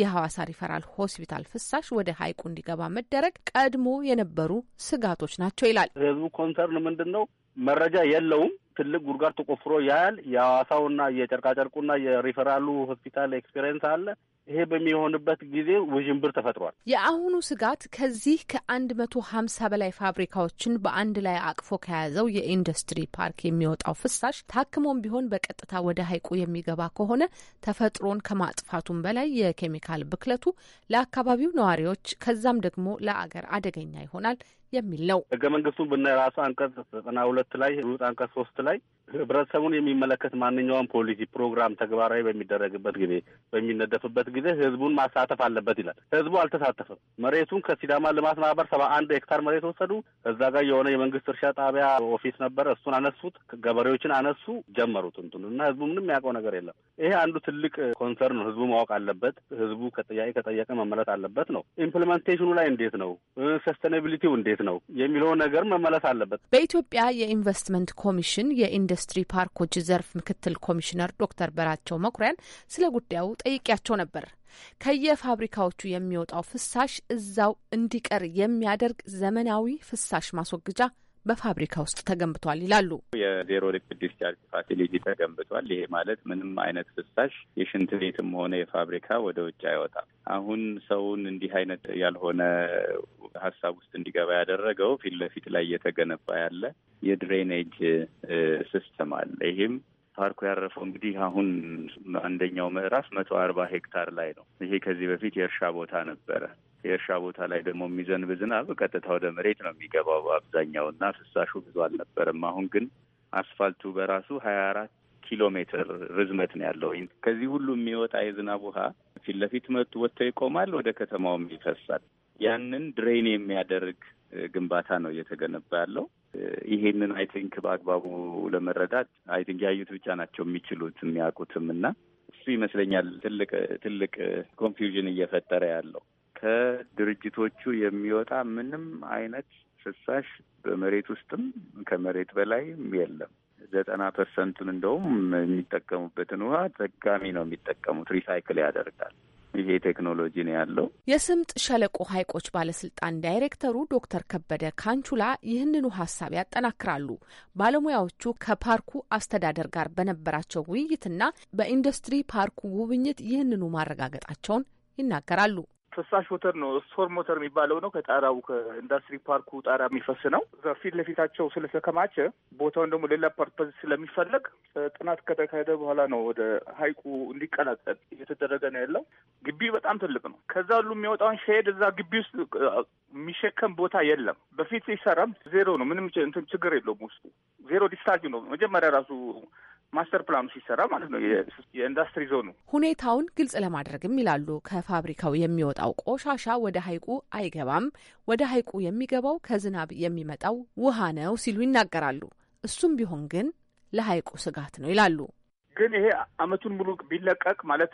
የሐዋሳ ሪፈራል ሆስፒታል ፍሳሽ ወደ ሀይቁ እንዲገባ መደረግ ቀድሞ የነበሩ ስጋቶች ናቸው ይላል። ህዝቡ ኮንሰርን ምንድን ነው? መረጃ የለውም። ትልቅ ጉድጓድ ተቆፍሮ ያያል። የሐዋሳውና የጨርቃጨርቁና የሪፈራሉ ሆስፒታል ኤክስፔሪንስ አለ። ይሄ በሚሆንበት ጊዜ ውዥንብር ተፈጥሯል። የአሁኑ ስጋት ከዚህ ከአንድ መቶ ሀምሳ በላይ ፋብሪካዎችን በአንድ ላይ አቅፎ ከያዘው የኢንዱስትሪ ፓርክ የሚወጣው ፍሳሽ ታክሞም ቢሆን በቀጥታ ወደ ሀይቁ የሚገባ ከሆነ ተፈጥሮን ከማጥፋቱም በላይ የኬሚካል ብክለቱ ለአካባቢው ነዋሪዎች ከዛም ደግሞ ለአገር አደገኛ ይሆናል የሚል ነው። ህገ መንግስቱን ብናይ ራሱ አንቀጽ ዘጠና ሁለት ላይ ንዑስ አንቀጽ ሶስት ላይ ህብረተሰቡን የሚመለከት ማንኛውም ፖሊሲ ፕሮግራም ተግባራዊ በሚደረግበት ጊዜ በሚነደፍበት ጊዜ ህዝቡን ማሳተፍ አለበት ይላል። ህዝቡ አልተሳተፈም። መሬቱን ከሲዳማ ልማት ማህበር ሰባ አንድ ሄክታር መሬት ወሰዱ። እዛ ጋር የሆነ የመንግስት እርሻ ጣቢያ ኦፊስ ነበረ። እሱን አነሱት፣ ገበሬዎችን አነሱ፣ ጀመሩት እንትኑ እና ህዝቡ ምንም የሚያውቀው ነገር የለም። ይሄ አንዱ ትልቅ ኮንሰርን ነው። ህዝቡ ማወቅ አለበት። ህዝቡ ከጥያቄ ከጠየቀ መመለስ አለበት ነው። ኢምፕሊመንቴሽኑ ላይ እንዴት ነው፣ ሰስቴናቢሊቲው እንዴት ነው የሚለውን ነገር መመለስ አለበት። በኢትዮጵያ የኢንቨስትመንት ኮሚሽን የኢንደ ኢንዱስትሪ ፓርኮች ዘርፍ ምክትል ኮሚሽነር ዶክተር በራቸው መኩሪያን ስለ ጉዳዩ ጠይቄያቸው ነበር። ከየፋብሪካዎቹ የሚወጣው ፍሳሽ እዛው እንዲቀር የሚያደርግ ዘመናዊ ፍሳሽ ማስወግጃ በፋብሪካ ውስጥ ተገንብቷል ይላሉ። የዜሮ ሊኩድ ዲስቻርጅ ፋሲሊቲ ተገንብቷል። ይሄ ማለት ምንም አይነት ፍሳሽ የሽንት ቤትም ሆነ የፋብሪካ ወደ ውጭ አይወጣም። አሁን ሰውን እንዲህ አይነት ያልሆነ ሀሳብ ውስጥ እንዲገባ ያደረገው ፊት ለፊት ላይ እየተገነባ ያለ የድሬኔጅ ሲስተም አለ። ይህም ፓርኩ ያረፈው እንግዲህ አሁን አንደኛው ምዕራፍ መቶ አርባ ሄክታር ላይ ነው። ይሄ ከዚህ በፊት የእርሻ ቦታ ነበረ። የእርሻ ቦታ ላይ ደግሞ የሚዘንብ ዝናብ ቀጥታ ወደ መሬት ነው የሚገባው በአብዛኛው እና ፍሳሹ ብዙ አልነበረም። አሁን ግን አስፋልቱ በራሱ ሀያ አራት ኪሎ ሜትር ርዝመት ነው ያለው። ከዚህ ሁሉ የሚወጣ የዝናብ ውሃ ፊት ለፊት መጡ ወጥቶ ይቆማል፣ ወደ ከተማውም ይፈሳል። ያንን ድሬን የሚያደርግ ግንባታ ነው እየተገነባ ያለው። ይሄንን አይ ቲንክ በአግባቡ ለመረዳት አይ ቲንክ ያዩት ብቻ ናቸው የሚችሉት የሚያውቁትም እና እሱ ይመስለኛል ትልቅ ትልቅ ኮንፊውዥን እየፈጠረ ያለው ከድርጅቶቹ የሚወጣ ምንም አይነት ፍሳሽ በመሬት ውስጥም ከመሬት በላይም የለም። ዘጠና ፐርሰንቱን እንደውም የሚጠቀሙበትን ውሃ ጠቃሚ ነው የሚጠቀሙት፣ ሪሳይክል ያደርጋል። ይሄ ቴክኖሎጂ ነው ያለው። የስምጥ ሸለቆ ሐይቆች ባለስልጣን ዳይሬክተሩ ዶክተር ከበደ ካንቹላ ይህንኑ ሀሳብ ያጠናክራሉ። ባለሙያዎቹ ከፓርኩ አስተዳደር ጋር በነበራቸው ውይይትና በኢንዱስትሪ ፓርኩ ጉብኝት ይህንኑ ማረጋገጣቸውን ይናገራሉ። ፍሳሽ ሞተር ነው። ስቶር ሞተር የሚባለው ነው። ከጣራው ከኢንዱስትሪ ፓርኩ ጣራ የሚፈስ ነው። ፊት ለፊታቸው ስለተከማቸ ቦታውን ደግሞ ሌላ ፐርፐዝ ስለሚፈለግ ጥናት ከተካሄደ በኋላ ነው ወደ ሀይቁ እንዲቀላቀል እየተደረገ ነው ያለው። ግቢ በጣም ትልቅ ነው። ከዛ ሁሉ የሚወጣውን ሸሄድ እዛ ግቢ ውስጥ የሚሸከም ቦታ የለም። በፊት ሲሰራም ዜሮ ነው። ምንም እንትን ችግር የለውም። ውስጡ ዜሮ ዲስቻርጅ ነው። መጀመሪያ ራሱ ማስተር ፕላኑ ሲሰራ ማለት ነው የኢንዱስትሪ ዞኑ ሁኔታውን ግልጽ ለማድረግም ይላሉ ከፋብሪካው የሚወጣው ቆሻሻ ወደ ሀይቁ አይገባም ወደ ሀይቁ የሚገባው ከዝናብ የሚመጣው ውሃ ነው ሲሉ ይናገራሉ እሱም ቢሆን ግን ለሀይቁ ስጋት ነው ይላሉ ግን ይሄ አመቱን ሙሉ ቢለቀቅ ማለት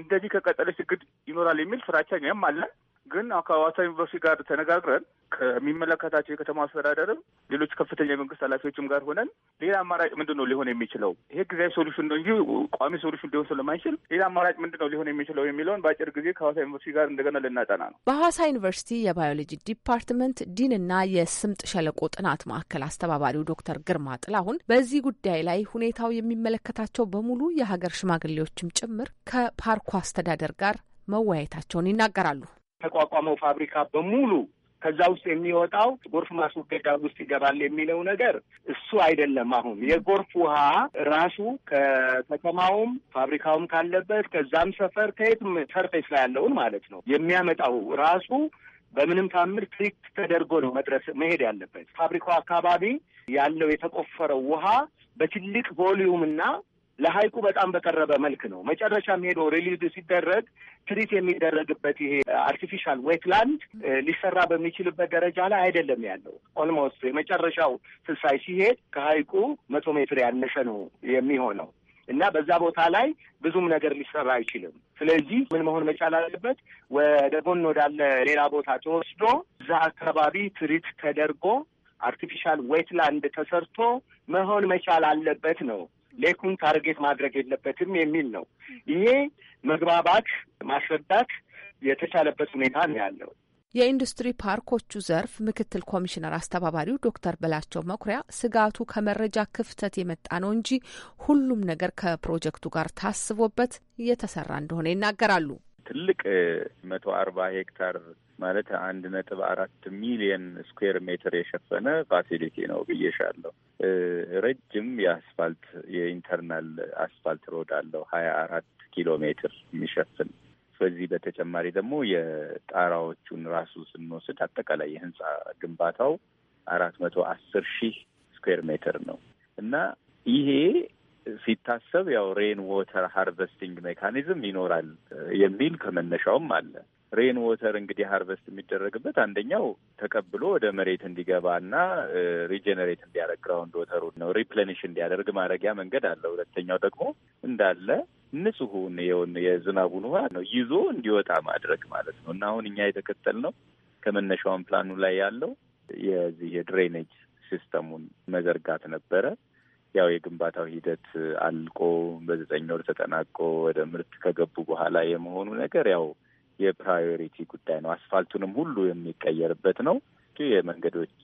እንደዚህ ከቀጠለ ችግር ይኖራል የሚል ፍራቻ እኛም አለን ግን ከሀዋሳ ዩኒቨርሲቲ ጋር ተነጋግረን ከሚመለከታቸው የከተማ አስተዳደርም ሌሎች ከፍተኛ የመንግስት ኃላፊዎችም ጋር ሆነን ሌላ አማራጭ ምንድን ነው ሊሆን የሚችለው? ይሄ ጊዜያዊ ሶሉሽን ነው እንጂ ቋሚ ሶሉሽን ሊሆን ስለማይችል ሌላ አማራጭ ምንድን ነው ሊሆን የሚችለው የሚለውን በአጭር ጊዜ ከሀዋሳ ዩኒቨርሲቲ ጋር እንደገና ልናጠና ነው። በሀዋሳ ዩኒቨርሲቲ የባዮሎጂ ዲፓርትመንት ዲንና የስምጥ ሸለቆ ጥናት ማዕከል አስተባባሪው ዶክተር ግርማ ጥላሁን በዚህ ጉዳይ ላይ ሁኔታው የሚመለከታቸው በሙሉ የሀገር ሽማግሌዎችም ጭምር ከፓርኩ አስተዳደር ጋር መወያየታቸውን ይናገራሉ። የተቋቋመው ፋብሪካ በሙሉ ከዛ ውስጥ የሚወጣው ጎርፍ ማስወገጃ ውስጥ ይገባል የሚለው ነገር እሱ አይደለም። አሁን የጎርፍ ውሃ ራሱ ከከተማውም ፋብሪካውም ካለበት ከዛም ሰፈር ከየትም ሰርፌስ ላይ ያለውን ማለት ነው የሚያመጣው ራሱ በምንም ታምር ትሪክት ተደርጎ ነው መድረስ መሄድ ያለበት። ፋብሪካው አካባቢ ያለው የተቆፈረው ውሃ በትልቅ ቮሊዩም እና ለሀይቁ በጣም በቀረበ መልክ ነው። መጨረሻም ሄዶ ሪሊዝ ሲደረግ ትሪት የሚደረግበት ይሄ አርቲፊሻል ዌትላንድ ሊሰራ በሚችልበት ደረጃ ላይ አይደለም ያለው። ኦልሞስት የመጨረሻው ስልሳይ ሲሄድ ከሀይቁ መቶ ሜትር ያነሰ ነው የሚሆነው እና በዛ ቦታ ላይ ብዙም ነገር ሊሰራ አይችልም። ስለዚህ ምን መሆን መቻል አለበት? ወደ ጎን ወዳለ ሌላ ቦታ ተወስዶ እዛ አካባቢ ትሪት ተደርጎ አርቲፊሻል ዌትላንድ ተሰርቶ መሆን መቻል አለበት ነው ሌኩን ታርጌት ማድረግ የለበትም የሚል ነው። ይሄ መግባባት ማስረዳት የተቻለበት ሁኔታ ነው ያለው። የኢንዱስትሪ ፓርኮቹ ዘርፍ ምክትል ኮሚሽነር አስተባባሪው ዶክተር በላቸው መኩሪያ ስጋቱ ከመረጃ ክፍተት የመጣ ነው እንጂ ሁሉም ነገር ከፕሮጀክቱ ጋር ታስቦበት እየተሰራ እንደሆነ ይናገራሉ። ትልቅ መቶ አርባ ሄክታር ማለት አንድ ነጥብ አራት ሚሊየን ስኩዌር ሜትር የሸፈነ ፋሲሊቲ ነው ብዬሻለሁ። ረጅም የአስፋልት የኢንተርናል አስፋልት ሮድ አለው ሀያ አራት ኪሎ ሜትር የሚሸፍን በዚህ በተጨማሪ ደግሞ የጣራዎቹን ራሱ ስንወስድ አጠቃላይ የህንፃ ግንባታው አራት መቶ አስር ሺህ ስኩዌር ሜትር ነው እና ይሄ ሲታሰብ ያው ሬን ዎተር ሃርቨስቲንግ ሜካኒዝም ይኖራል የሚል ከመነሻውም አለ። ሬን ዎተር እንግዲህ ሃርቨስት የሚደረግበት አንደኛው ተቀብሎ ወደ መሬት እንዲገባና ሪጀነሬት እንዲያደርግ ግራውንድ ወተሩ ነው ሪፕሌኒሽ እንዲያደርግ ማድረጊያ መንገድ አለ። ሁለተኛው ደግሞ እንዳለ ንጹሁን የሆነ የዝናቡን ውሃ ነው ይዞ እንዲወጣ ማድረግ ማለት ነው እና አሁን እኛ የተከተልነው ከመነሻውን ፕላኑ ላይ ያለው የዚህ የድሬኔጅ ሲስተሙን መዘርጋት ነበረ። ያው የግንባታው ሂደት አልቆ በዘጠኝ ወር ተጠናቆ ወደ ምርት ከገቡ በኋላ የመሆኑ ነገር ያው የፕራዮሪቲ ጉዳይ ነው። አስፋልቱንም ሁሉ የሚቀየርበት ነው። የመንገዶች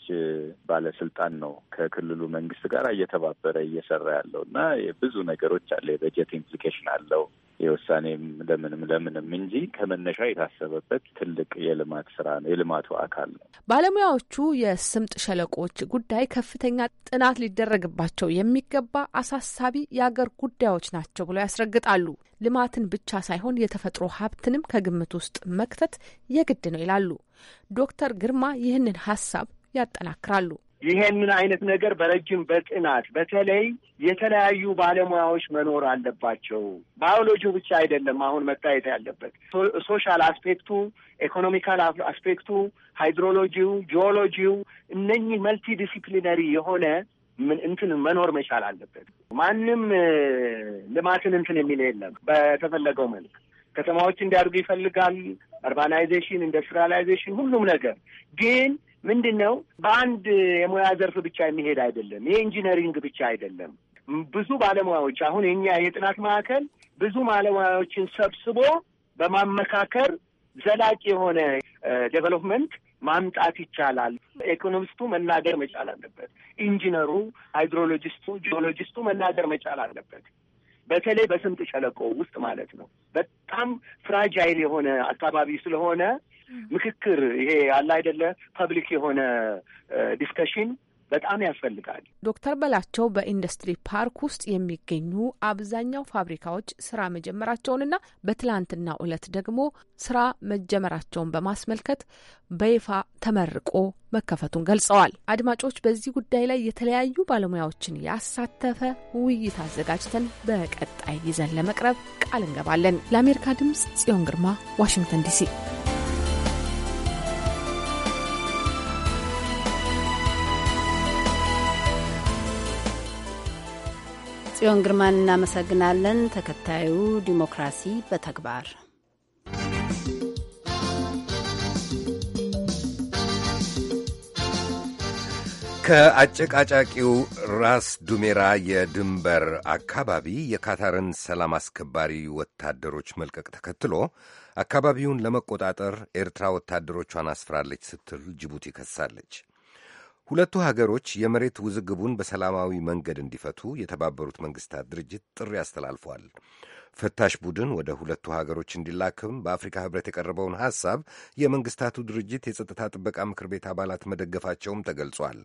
ባለስልጣን ነው ከክልሉ መንግስት ጋር እየተባበረ እየሰራ ያለው እና ብዙ ነገሮች አለ። የበጀት ኢምፕሊኬሽን አለው። የውሳኔም ለምንም ለምንም እንጂ ከመነሻ የታሰበበት ትልቅ የልማት ስራ ነው፣ የልማቱ አካል ነው። ባለሙያዎቹ የስምጥ ሸለቆዎች ጉዳይ ከፍተኛ ጥናት ሊደረግባቸው የሚገባ አሳሳቢ የአገር ጉዳዮች ናቸው ብለው ያስረግጣሉ። ልማትን ብቻ ሳይሆን የተፈጥሮ ሀብትንም ከግምት ውስጥ መክተት የግድ ነው ይላሉ። ዶክተር ግርማ ይህንን ሀሳብ ያጠናክራሉ። ይሄንን አይነት ነገር በረጅም በጥናት በተለይ የተለያዩ ባለሙያዎች መኖር አለባቸው። ባዮሎጂው ብቻ አይደለም አሁን መታየት ያለበት ሶሻል አስፔክቱ፣ ኢኮኖሚካል አስፔክቱ፣ ሃይድሮሎጂው፣ ጂኦሎጂው እነኚህ መልቲ ዲሲፕሊነሪ የሆነ ምን እንትን መኖር መቻል አለበት። ማንም ልማትን እንትን የሚል የለም። በተፈለገው መልክ ከተማዎች እንዲያድጉ ይፈልጋል። አርባናይዜሽን፣ ኢንዱስትሪያላይዜሽን ሁሉም ነገር ግን ምንድን ነው በአንድ የሙያ ዘርፍ ብቻ የሚሄድ አይደለም። የኢንጂነሪንግ ብቻ አይደለም። ብዙ ባለሙያዎች አሁን የኛ የጥናት ማዕከል ብዙ ባለሙያዎችን ሰብስቦ በማመካከር ዘላቂ የሆነ ዴቨሎፕመንት ማምጣት ይቻላል። ኢኮኖሚስቱ መናገር መቻል አለበት። ኢንጂነሩ፣ ሃይድሮሎጂስቱ፣ ጂኦሎጂስቱ መናገር መቻል አለበት። በተለይ በስምጥ ሸለቆ ውስጥ ማለት ነው። በጣም ፍራጃይል የሆነ አካባቢ ስለሆነ ምክክር ይሄ ያለ አይደለ ፐብሊክ የሆነ ዲስከሽን በጣም ያስፈልጋል። ዶክተር በላቸው በኢንዱስትሪ ፓርክ ውስጥ የሚገኙ አብዛኛው ፋብሪካዎች ስራ መጀመራቸውንና በትላንትና ዕለት ደግሞ ስራ መጀመራቸውን በማስመልከት በይፋ ተመርቆ መከፈቱን ገልጸዋል። አድማጮች፣ በዚህ ጉዳይ ላይ የተለያዩ ባለሙያዎችን ያሳተፈ ውይይት አዘጋጅተን በቀጣይ ይዘን ለመቅረብ ቃል እንገባለን። ለአሜሪካ ድምፅ ጽዮን ግርማ ዋሽንግተን ዲሲ ጽዮን ግርማን እናመሰግናለን። ተከታዩ ዲሞክራሲ በተግባር ከአጨቃጫቂው ራስ ዱሜራ የድንበር አካባቢ የካታርን ሰላም አስከባሪ ወታደሮች መልቀቅ ተከትሎ አካባቢውን ለመቆጣጠር ኤርትራ ወታደሮቿን አስፍራለች ስትል ጅቡቲ ከሳለች። ሁለቱ ሀገሮች የመሬት ውዝግቡን በሰላማዊ መንገድ እንዲፈቱ የተባበሩት መንግስታት ድርጅት ጥሪ አስተላልፏል። ፈታሽ ቡድን ወደ ሁለቱ ሀገሮች እንዲላክም በአፍሪካ ህብረት የቀረበውን ሐሳብ የመንግስታቱ ድርጅት የጸጥታ ጥበቃ ምክር ቤት አባላት መደገፋቸውም ተገልጿል።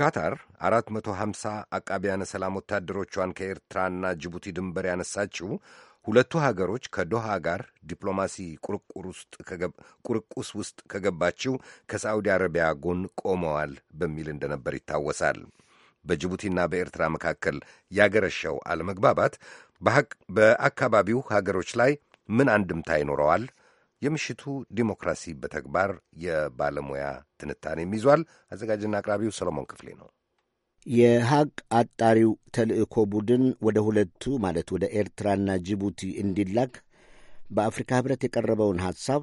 ካታር 450 አቃቢያነ ሰላም ወታደሮቿን ከኤርትራና ጅቡቲ ድንበር ያነሳችው ሁለቱ ሀገሮች ከዶሃ ጋር ዲፕሎማሲ ቁርቁስ ውስጥ ከገባችው ከሳዑዲ አረቢያ ጎን ቆመዋል በሚል እንደነበር ይታወሳል። በጅቡቲና በኤርትራ መካከል ያገረሸው አለመግባባት በአካባቢው ሀገሮች ላይ ምን አንድምታ ይኖረዋል? የምሽቱ ዲሞክራሲ በተግባር የባለሙያ ትንታኔም ይዟል። አዘጋጅና አቅራቢው ሰሎሞን ክፍሌ ነው። የሀቅ አጣሪው ተልእኮ ቡድን ወደ ሁለቱ ማለት ወደ ኤርትራና ጅቡቲ እንዲላክ በአፍሪካ ህብረት የቀረበውን ሐሳብ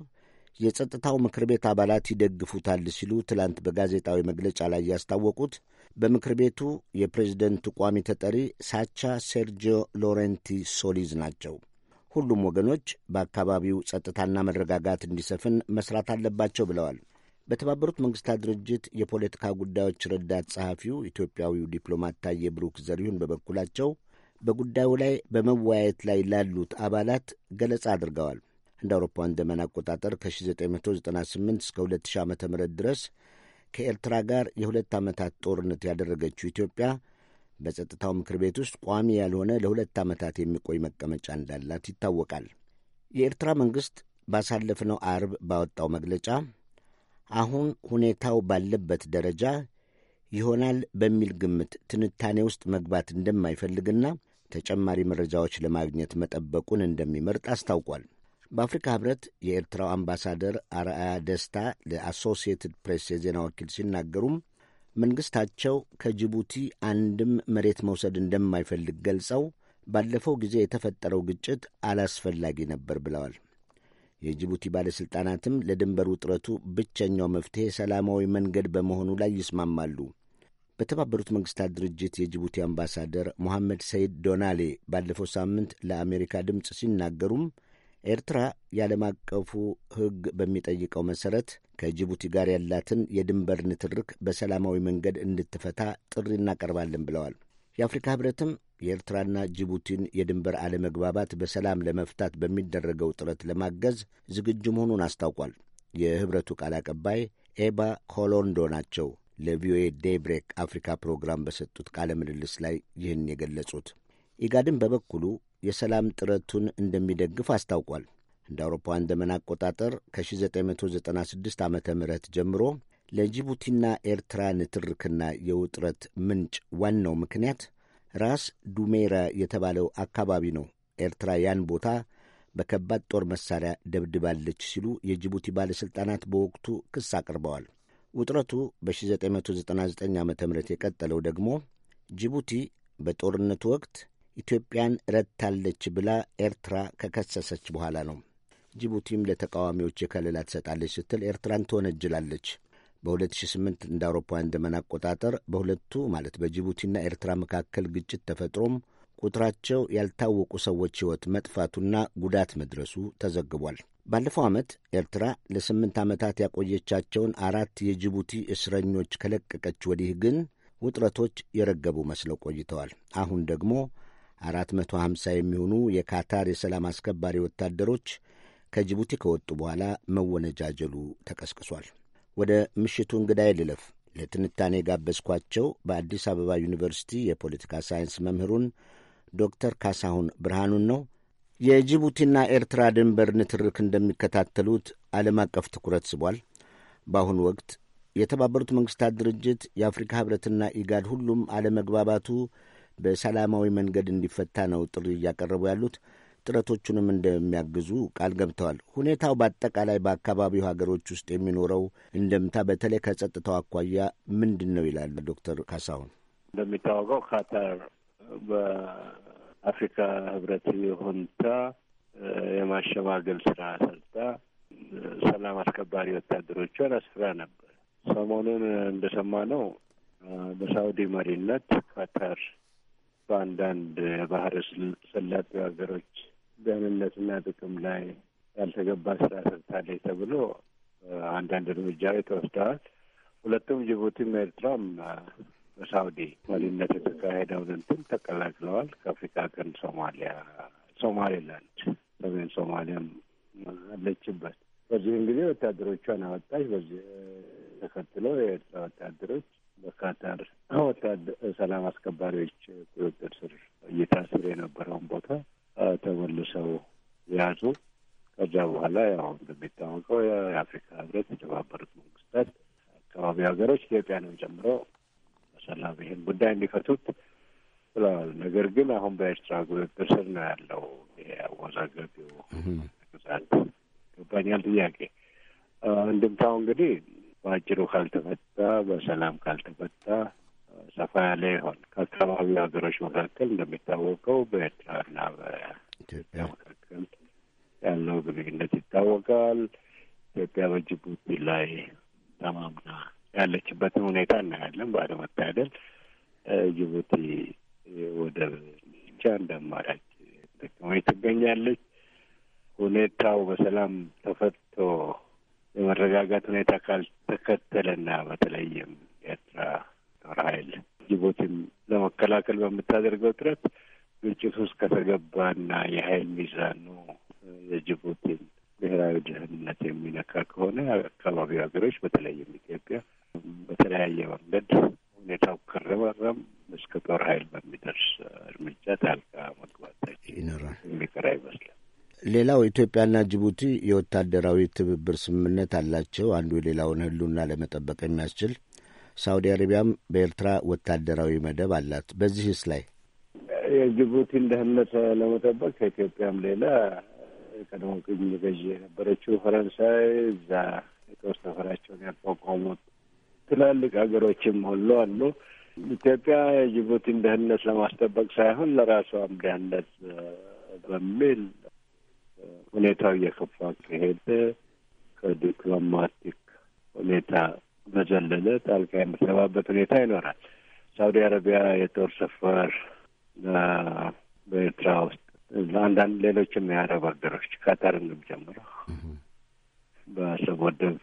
የጸጥታው ምክር ቤት አባላት ይደግፉታል ሲሉ ትላንት በጋዜጣዊ መግለጫ ላይ ያስታወቁት በምክር ቤቱ የፕሬዝደንቱ ቋሚ ተጠሪ ሳቻ ሴርጂዮ ሎሬንቲ ሶሊዝ ናቸው። ሁሉም ወገኖች በአካባቢው ጸጥታና መረጋጋት እንዲሰፍን መስራት አለባቸው ብለዋል። በተባበሩት መንግስታት ድርጅት የፖለቲካ ጉዳዮች ረዳት ጸሐፊው ኢትዮጵያዊው ዲፕሎማት ታዬ ብሩክ ዘሪሁን በበኩላቸው በጉዳዩ ላይ በመወያየት ላይ ላሉት አባላት ገለጻ አድርገዋል። እንደ አውሮፓውያን ዘመን አቆጣጠር ከ1998 እስከ 2000 ዓ ም ድረስ ከኤርትራ ጋር የሁለት ዓመታት ጦርነት ያደረገችው ኢትዮጵያ በጸጥታው ምክር ቤት ውስጥ ቋሚ ያልሆነ ለሁለት ዓመታት የሚቆይ መቀመጫ እንዳላት ይታወቃል። የኤርትራ መንግሥት ባሳለፍነው አርብ ባወጣው መግለጫ አሁን ሁኔታው ባለበት ደረጃ ይሆናል በሚል ግምት ትንታኔ ውስጥ መግባት እንደማይፈልግና ተጨማሪ መረጃዎች ለማግኘት መጠበቁን እንደሚመርጥ አስታውቋል። በአፍሪካ ህብረት የኤርትራው አምባሳደር አርአያ ደስታ ለአሶሲየትድ ፕሬስ የዜና ወኪል ሲናገሩም መንግሥታቸው ከጅቡቲ አንድም መሬት መውሰድ እንደማይፈልግ ገልጸው ባለፈው ጊዜ የተፈጠረው ግጭት አላስፈላጊ ነበር ብለዋል። የጅቡቲ ባለሥልጣናትም ለድንበር ውጥረቱ ብቸኛው መፍትሔ ሰላማዊ መንገድ በመሆኑ ላይ ይስማማሉ። በተባበሩት መንግስታት ድርጅት የጅቡቲ አምባሳደር ሞሐመድ ሰይድ ዶናሌ ባለፈው ሳምንት ለአሜሪካ ድምፅ ሲናገሩም ኤርትራ የዓለም አቀፉ ሕግ በሚጠይቀው መሠረት ከጅቡቲ ጋር ያላትን የድንበር ንትርክ በሰላማዊ መንገድ እንድትፈታ ጥሪ እናቀርባለን ብለዋል። የአፍሪካ ኅብረትም የኤርትራና ጅቡቲን የድንበር አለመግባባት በሰላም ለመፍታት በሚደረገው ጥረት ለማገዝ ዝግጁ መሆኑን አስታውቋል። የህብረቱ ቃል አቀባይ ኤባ ኮሎንዶ ናቸው ለቪኦኤ ዴይብሬክ አፍሪካ ፕሮግራም በሰጡት ቃለ ምልልስ ላይ ይህን የገለጹት። ኢጋድን በበኩሉ የሰላም ጥረቱን እንደሚደግፍ አስታውቋል። እንደ አውሮፓውያን ዘመን አቆጣጠር ከ1996 ዓ ም ጀምሮ ለጅቡቲና ኤርትራ ንትርክና የውጥረት ምንጭ ዋናው ምክንያት ራስ ዱሜራ የተባለው አካባቢ ነው ኤርትራ ያን ቦታ በከባድ ጦር መሳሪያ ደብድባለች ሲሉ የጅቡቲ ባለሥልጣናት በወቅቱ ክስ አቅርበዋል። ውጥረቱ በ1999 ዓ ም የቀጠለው ደግሞ ጅቡቲ በጦርነቱ ወቅት ኢትዮጵያን ረድታለች ብላ ኤርትራ ከከሰሰች በኋላ ነው። ጅቡቲም ለተቃዋሚዎች የከለላ ትሰጣለች ስትል ኤርትራን ትወነጅላለች። በ2008 እንደ አውሮፓውያን ዘመን አቆጣጠር በሁለቱ ማለት በጅቡቲና ኤርትራ መካከል ግጭት ተፈጥሮም ቁጥራቸው ያልታወቁ ሰዎች ሕይወት መጥፋቱና ጉዳት መድረሱ ተዘግቧል። ባለፈው ዓመት ኤርትራ ለስምንት ዓመታት ያቆየቻቸውን አራት የጅቡቲ እስረኞች ከለቀቀች ወዲህ ግን ውጥረቶች የረገቡ መስለው ቆይተዋል። አሁን ደግሞ 450 የሚሆኑ የካታር የሰላም አስከባሪ ወታደሮች ከጅቡቲ ከወጡ በኋላ መወነጃጀሉ ተቀስቅሷል። ወደ ምሽቱ እንግዳ ልለፍ። ለትንታኔ የጋበዝኳቸው በአዲስ አበባ ዩኒቨርሲቲ የፖለቲካ ሳይንስ መምህሩን ዶክተር ካሳሁን ብርሃኑን ነው። የጅቡቲና ኤርትራ ድንበር ንትርክ እንደሚከታተሉት ዓለም አቀፍ ትኩረት ስቧል። በአሁኑ ወቅት የተባበሩት መንግስታት ድርጅት፣ የአፍሪካ ህብረትና ኢጋድ ሁሉም አለመግባባቱ በሰላማዊ መንገድ እንዲፈታ ነው ጥሪ እያቀረቡ ያሉት። ጥረቶቹንም እንደሚያግዙ ቃል ገብተዋል። ሁኔታው በአጠቃላይ በአካባቢው ሀገሮች ውስጥ የሚኖረው እንደምታ በተለይ ከጸጥታው አኳያ ምንድን ነው ይላል ዶክተር ካሳሁን? እንደሚታወቀው ካታር በአፍሪካ ህብረት ይሁንታ የማሸማገል ስራ ሰርታ ሰላም አስከባሪ ወታደሮቿን አስፍራ ነበር። ሰሞኑን ነው። በሳውዲ መሪነት ካታር በአንዳንድ የባህር ሰላጤው ሀገሮች ደህንነትና ጥቅም ላይ ያልተገባ ስራ ሰርታለች ተብሎ አንዳንድ እርምጃ ተወስደዋል። ሁለቱም ጅቡቲም ኤርትራም በሳውዲ መሪነት የተካሄደውን እንትን ተቀላቅለዋል። ከአፍሪካ ቀን ሶማሊያ ሶማሌላንድ ሰሜን ሶማሊያም አለችበት። በዚህም ጊዜ ወታደሮቿን አወጣች። በዚህ ተከትሎ የኤርትራ ወታደሮች በካታር ወታደ ሰላም አስከባሪዎች ቁጥጥር ስር እየታሰሩ የነበረውን ቦታ ተመልሰው ያዙ። ከዛ በኋላ ያው እንደሚታወቀው የአፍሪካ ህብረት፣ የተባበሩት መንግስታት፣ አካባቢ ሀገሮች ኢትዮጵያንም ጨምሮ በሰላም ይህን ጉዳይ እንዲፈቱት ብለዋል። ነገር ግን አሁን በኤርትራ ቁጥጥር ስር ነው ያለው ይሄ አወዛጋቢው ግዛት ይገባኛል ጥያቄ እንድምታው እንግዲህ በአጭሩ ካልተፈታ በሰላም ካልተፈታ ሰፋ ያለ ይሆን። ከአካባቢው ሀገሮች መካከል እንደሚታወቀው በኤርትራና በኢትዮጵያ መካከል ያለው ግንኙነት ይታወቃል። ኢትዮጵያ በጅቡቲ ላይ ተማምና ያለችበትን ሁኔታ እናያለን። ባለመታደል ጅቡቲ ወደብ ብቻ እንደ አማራጭ ትገኛለች። ሁኔታው በሰላም ተፈቶ የመረጋጋት ሁኔታ ካልተከተለና በተለይም ኤርትራ ጦር ኃይል ጅቡቲም ለመከላከል በምታደርገው ጥረት ግጭት ውስጥ ከተገባና የኃይል ሚዛኑ የጅቡቲን ብሔራዊ ደህንነት የሚነካ ከሆነ አካባቢው ሀገሮች በተለይም ኢትዮጵያ በተለያየ መንገድ ሁኔታው ከረበረም እስከ ጦር ኃይል በሚደርስ እርምጃ ጣልቃ መግባታችን ይኖራል የሚቀር አይመስልም። ሌላው ኢትዮጵያና ጅቡቲ የወታደራዊ ትብብር ስምምነት አላቸው። አንዱ የሌላውን ሕልውና ለመጠበቅ የሚያስችል ሳውዲ አረቢያም በኤርትራ ወታደራዊ መደብ አላት። በዚህስ ላይ የጅቡቲን ደህንነት ለመጠበቅ ከኢትዮጵያም ሌላ የቀድሞ ቅኝ ገዢ የነበረችው ፈረንሳይ እዛ የጦር ሰፈራቸውን ያቋቋሙት ትላልቅ ሀገሮችም ሁሉ አሉ። ኢትዮጵያ የጅቡቲን ደህንነት ለማስጠበቅ ሳይሆን ለራሷም ደህንነት በሚል ሁኔታው እየከፋ ከሄደ ከዲፕሎማቲክ ሁኔታ በዘለለ ጣልቃ የምትገባበት ሁኔታ ይኖራል። ሳውዲ አረቢያ የጦር ሰፈር በኤርትራ ውስጥ ለአንዳንድ ሌሎችም የአረብ ሀገሮች ካታርንም ጨምሮ በአሰብ ወደብ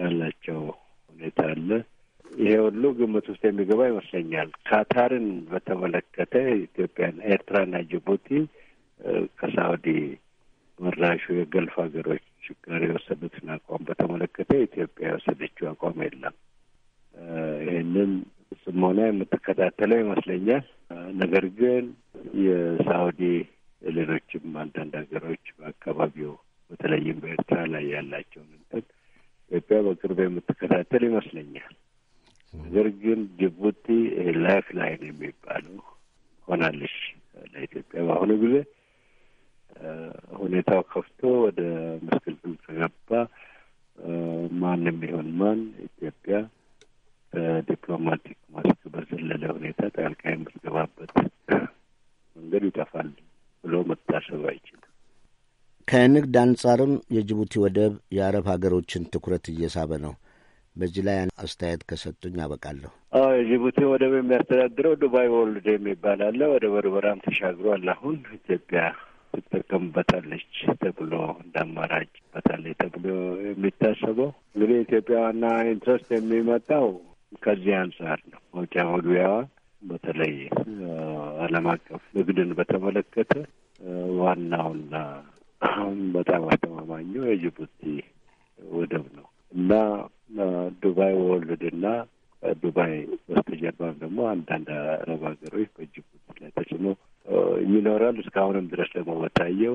ያላቸው ሁኔታ አለ። ይሄ ሁሉ ግምት ውስጥ የሚገባ ይመስለኛል። ካታርን በተመለከተ ኢትዮጵያን፣ ኤርትራና ጅቡቲ ከሳውዲ መራሹ የገልፍ ሀገሮች ችግር የወሰዱትን አቋም በተመለከተ ኢትዮጵያ የወሰደችው አቋም የለም። ይህንን ሆነ የምትከታተለው ይመስለኛል። ነገር ግን የሳውዲ ሌሎችም አንዳንድ ሀገሮች በአካባቢው በተለይም በኤርትራ ላይ ያላቸውን እንትን ኢትዮጵያ በቅርብ የምትከታተል ይመስለኛል። ነገር ግን ጅቡቲ ላይፍ ላይን የሚባለው ሆናለች ለኢትዮጵያ በአሁኑ ጊዜ ሁኔታው ከፍቶ ወደ ምስቅልቅል ከገባ ማንም ይሆን ማን ኢትዮጵያ በዲፕሎማቲክ ማስክ በዘለለ ሁኔታ ጣልቃ የምትገባበት መንገድ ይጠፋል ብሎ መታሰብ አይችልም። ከንግድ አንጻርም የጅቡቲ ወደብ የአረብ ሀገሮችን ትኩረት እየሳበ ነው። በዚህ ላይ አስተያየት ከሰጡኝ አበቃለሁ። አዎ የጅቡቲ ወደብ የሚያስተዳድረው ዱባይ ወርልድ የሚባል አለ። ወደ በርበራም ተሻግሯል። አሁን ኢትዮጵያ ትጠቀምበታለች ተብሎ እንደ አማራጭ በታለች ተብሎ የሚታሰበው እንግዲህ ኢትዮጵያ ዋና ኢንትረስት የሚመጣው ከዚህ አንጻር ነው። መውጫ መግቢያዋ በተለይ ዓለም አቀፍ ንግድን በተመለከተ ዋናውና በጣም አስተማማኙ የጅቡቲ ወደብ ነው እና ዱባይ ወርልድ እና ዱባይ በስተጀርባም ደግሞ አንዳንድ አረብ ሀገሮች በጅቡቲ ላይ ተጽዕኖ ይኖራል። እስካሁንም ድረስ ደግሞ በታየው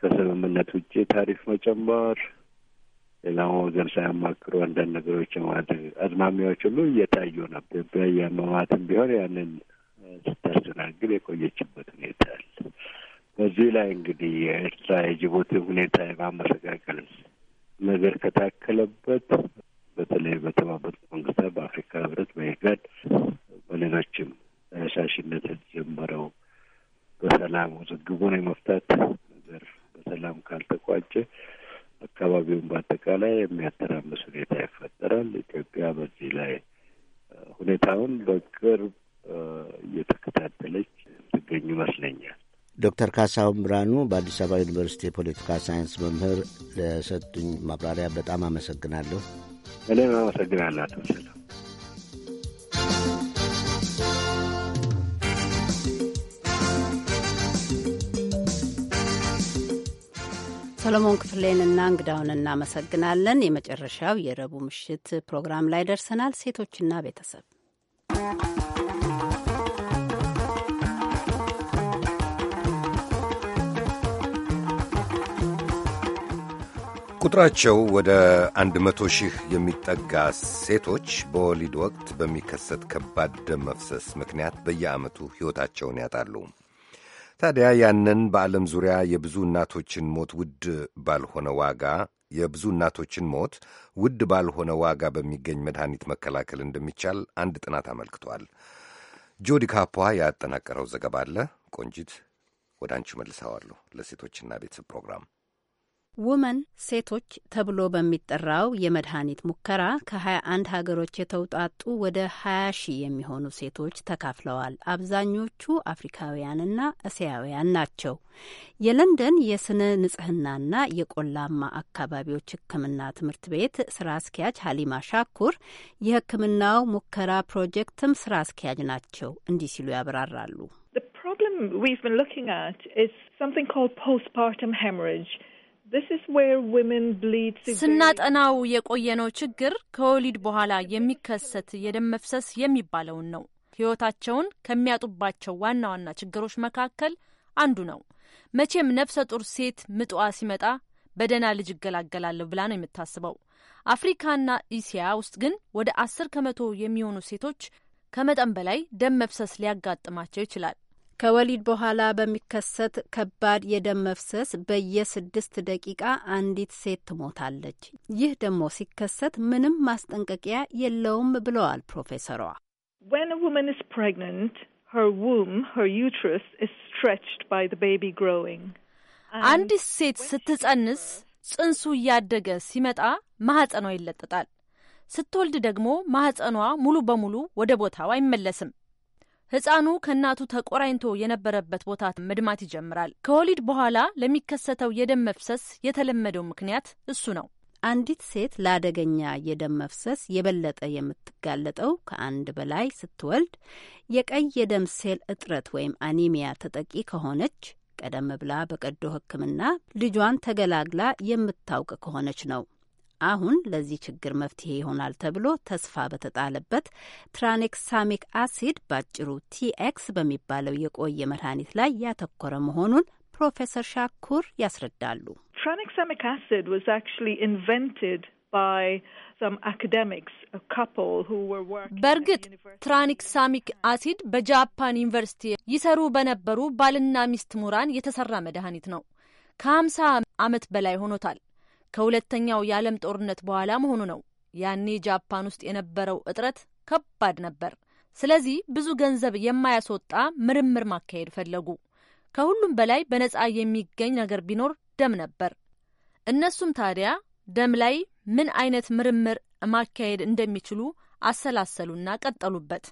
ከስምምነት ውጭ ታሪፍ መጨመር፣ ሌላው ወገን ሳያማክሩ አንዳንድ ነገሮች የማድረግ አዝማሚያዎች ሁሉ እየታዩ ነበር። በየመማትም ቢሆን ያንን ስታስተናግድ የቆየችበት ሁኔታ አለ። በዚህ ላይ እንግዲህ የኤርትራ የጅቡቲ ሁኔታ የማመሰጋገል ነገር ከታከለበት በተለይ በተባበሩት መንግስታት፣ በአፍሪካ ህብረት፣ በኢጋድ በሌሎችም ተነሳሽነት የተጀመረው ሰላም ውዝግቡን የመፍታት ነገር በሰላም ካልተቋጨ አካባቢውን በአጠቃላይ የሚያተራምስ ሁኔታ ይፈጠራል። ኢትዮጵያ በዚህ ላይ ሁኔታውን በቅርብ እየተከታተለች ትገኝ ይመስለኛል። ዶክተር ካሳሁን ብርሃኑ በአዲስ አበባ ዩኒቨርሲቲ የፖለቲካ ሳይንስ መምህር ለሰጡኝ ማብራሪያ በጣም አመሰግናለሁ። እኔም አመሰግናለሁ አቶ ሰላም። ሰሎሞን ክፍሌንና እንግዳውን እናመሰግናለን። የመጨረሻው የረቡዕ ምሽት ፕሮግራም ላይ ደርሰናል። ሴቶችና ቤተሰብ ቁጥራቸው ወደ አንድ መቶ ሺህ የሚጠጋ ሴቶች በወሊድ ወቅት በሚከሰት ከባድ ደም መፍሰስ ምክንያት በየዓመቱ ሕይወታቸውን ያጣሉ። ታዲያ ያንን በዓለም ዙሪያ የብዙ እናቶችን ሞት ውድ ባልሆነ ዋጋ የብዙ እናቶችን ሞት ውድ ባልሆነ ዋጋ በሚገኝ መድኃኒት መከላከል እንደሚቻል አንድ ጥናት አመልክቷል። ጆዲ ካፖ ያጠናቀረው ዘገባ አለ። ቆንጂት ወደ አንቺ መልሰዋለሁ። ለሴቶችና ቤተሰብ ፕሮግራም ውመን ሴቶች ተብሎ በሚጠራው የመድኃኒት ሙከራ ከ21 ሀገሮች የተውጣጡ ወደ 20 ሺህ የሚሆኑ ሴቶች ተካፍለዋል። አብዛኞቹ አፍሪካውያንና እስያውያን ናቸው። የለንደን የስነ ንጽህናና የቆላማ አካባቢዎች ሕክምና ትምህርት ቤት ስራ አስኪያጅ ሀሊማ ሻኩር የሕክምናው ሙከራ ፕሮጀክትም ስራ አስኪያጅ ናቸው። እንዲህ ሲሉ ያብራራሉ። The problem we've been looking at is something called postpartum hemorrhage. ስናጠናው የቆየነው ችግር ከወሊድ በኋላ የሚከሰት የደም መፍሰስ የሚባለውን ነው። ሕይወታቸውን ከሚያጡባቸው ዋና ዋና ችግሮች መካከል አንዱ ነው። መቼም ነፍሰ ጡር ሴት ምጥዋ ሲመጣ በደህና ልጅ እገላገላለሁ ብላ ነው የምታስበው። አፍሪካና ኢሲያ ውስጥ ግን ወደ አስር ከመቶ የሚሆኑ ሴቶች ከመጠን በላይ ደም መፍሰስ ሊያጋጥማቸው ይችላል። ከወሊድ በኋላ በሚከሰት ከባድ የደም መፍሰስ በየስድስት ደቂቃ አንዲት ሴት ትሞታለች። ይህ ደግሞ ሲከሰት ምንም ማስጠንቀቂያ የለውም ብለዋል ፕሮፌሰሯ። አንዲት ሴት ስትጸንስ ጽንሱ እያደገ ሲመጣ ማህጸኗ ይለጠጣል። ስትወልድ ደግሞ ማህጸኗ ሙሉ በሙሉ ወደ ቦታው አይመለስም። ህፃኑ ከእናቱ ተቆራኝቶ የነበረበት ቦታ መድማት ይጀምራል። ከወሊድ በኋላ ለሚከሰተው የደም መፍሰስ የተለመደው ምክንያት እሱ ነው። አንዲት ሴት ለአደገኛ የደም መፍሰስ የበለጠ የምትጋለጠው ከአንድ በላይ ስትወልድ የቀይ የደም ሴል እጥረት ወይም አኒሚያ ተጠቂ ከሆነች ቀደም ብላ በቀዶ ሕክምና ልጇን ተገላግላ የምታውቅ ከሆነች ነው። አሁን ለዚህ ችግር መፍትሄ ይሆናል ተብሎ ተስፋ በተጣለበት ትራኔክሳሚክ አሲድ ባጭሩ ቲኤክስ በሚባለው የቆየ መድኃኒት ላይ ያተኮረ መሆኑን ፕሮፌሰር ሻኩር ያስረዳሉ። ትራኔክሳሚክ አሲድ ዋዝ አክቹዋሊ ኢንቨንትድ በእርግጥ ትራኒክሳሚክ አሲድ በጃፓን ዩኒቨርሲቲ ይሰሩ በነበሩ ባልና ሚስት ምሁራን የተሰራ መድኃኒት ነው። ከ ከሀምሳ ዓመት በላይ ሆኖታል። ከሁለተኛው የዓለም ጦርነት በኋላ መሆኑ ነው። ያኔ ጃፓን ውስጥ የነበረው እጥረት ከባድ ነበር። ስለዚህ ብዙ ገንዘብ የማያስወጣ ምርምር ማካሄድ ፈለጉ። ከሁሉም በላይ በነጻ የሚገኝ ነገር ቢኖር ደም ነበር። እነሱም ታዲያ ደም ላይ ምን አይነት ምርምር ማካሄድ እንደሚችሉ አሰላሰሉና ቀጠሉበት።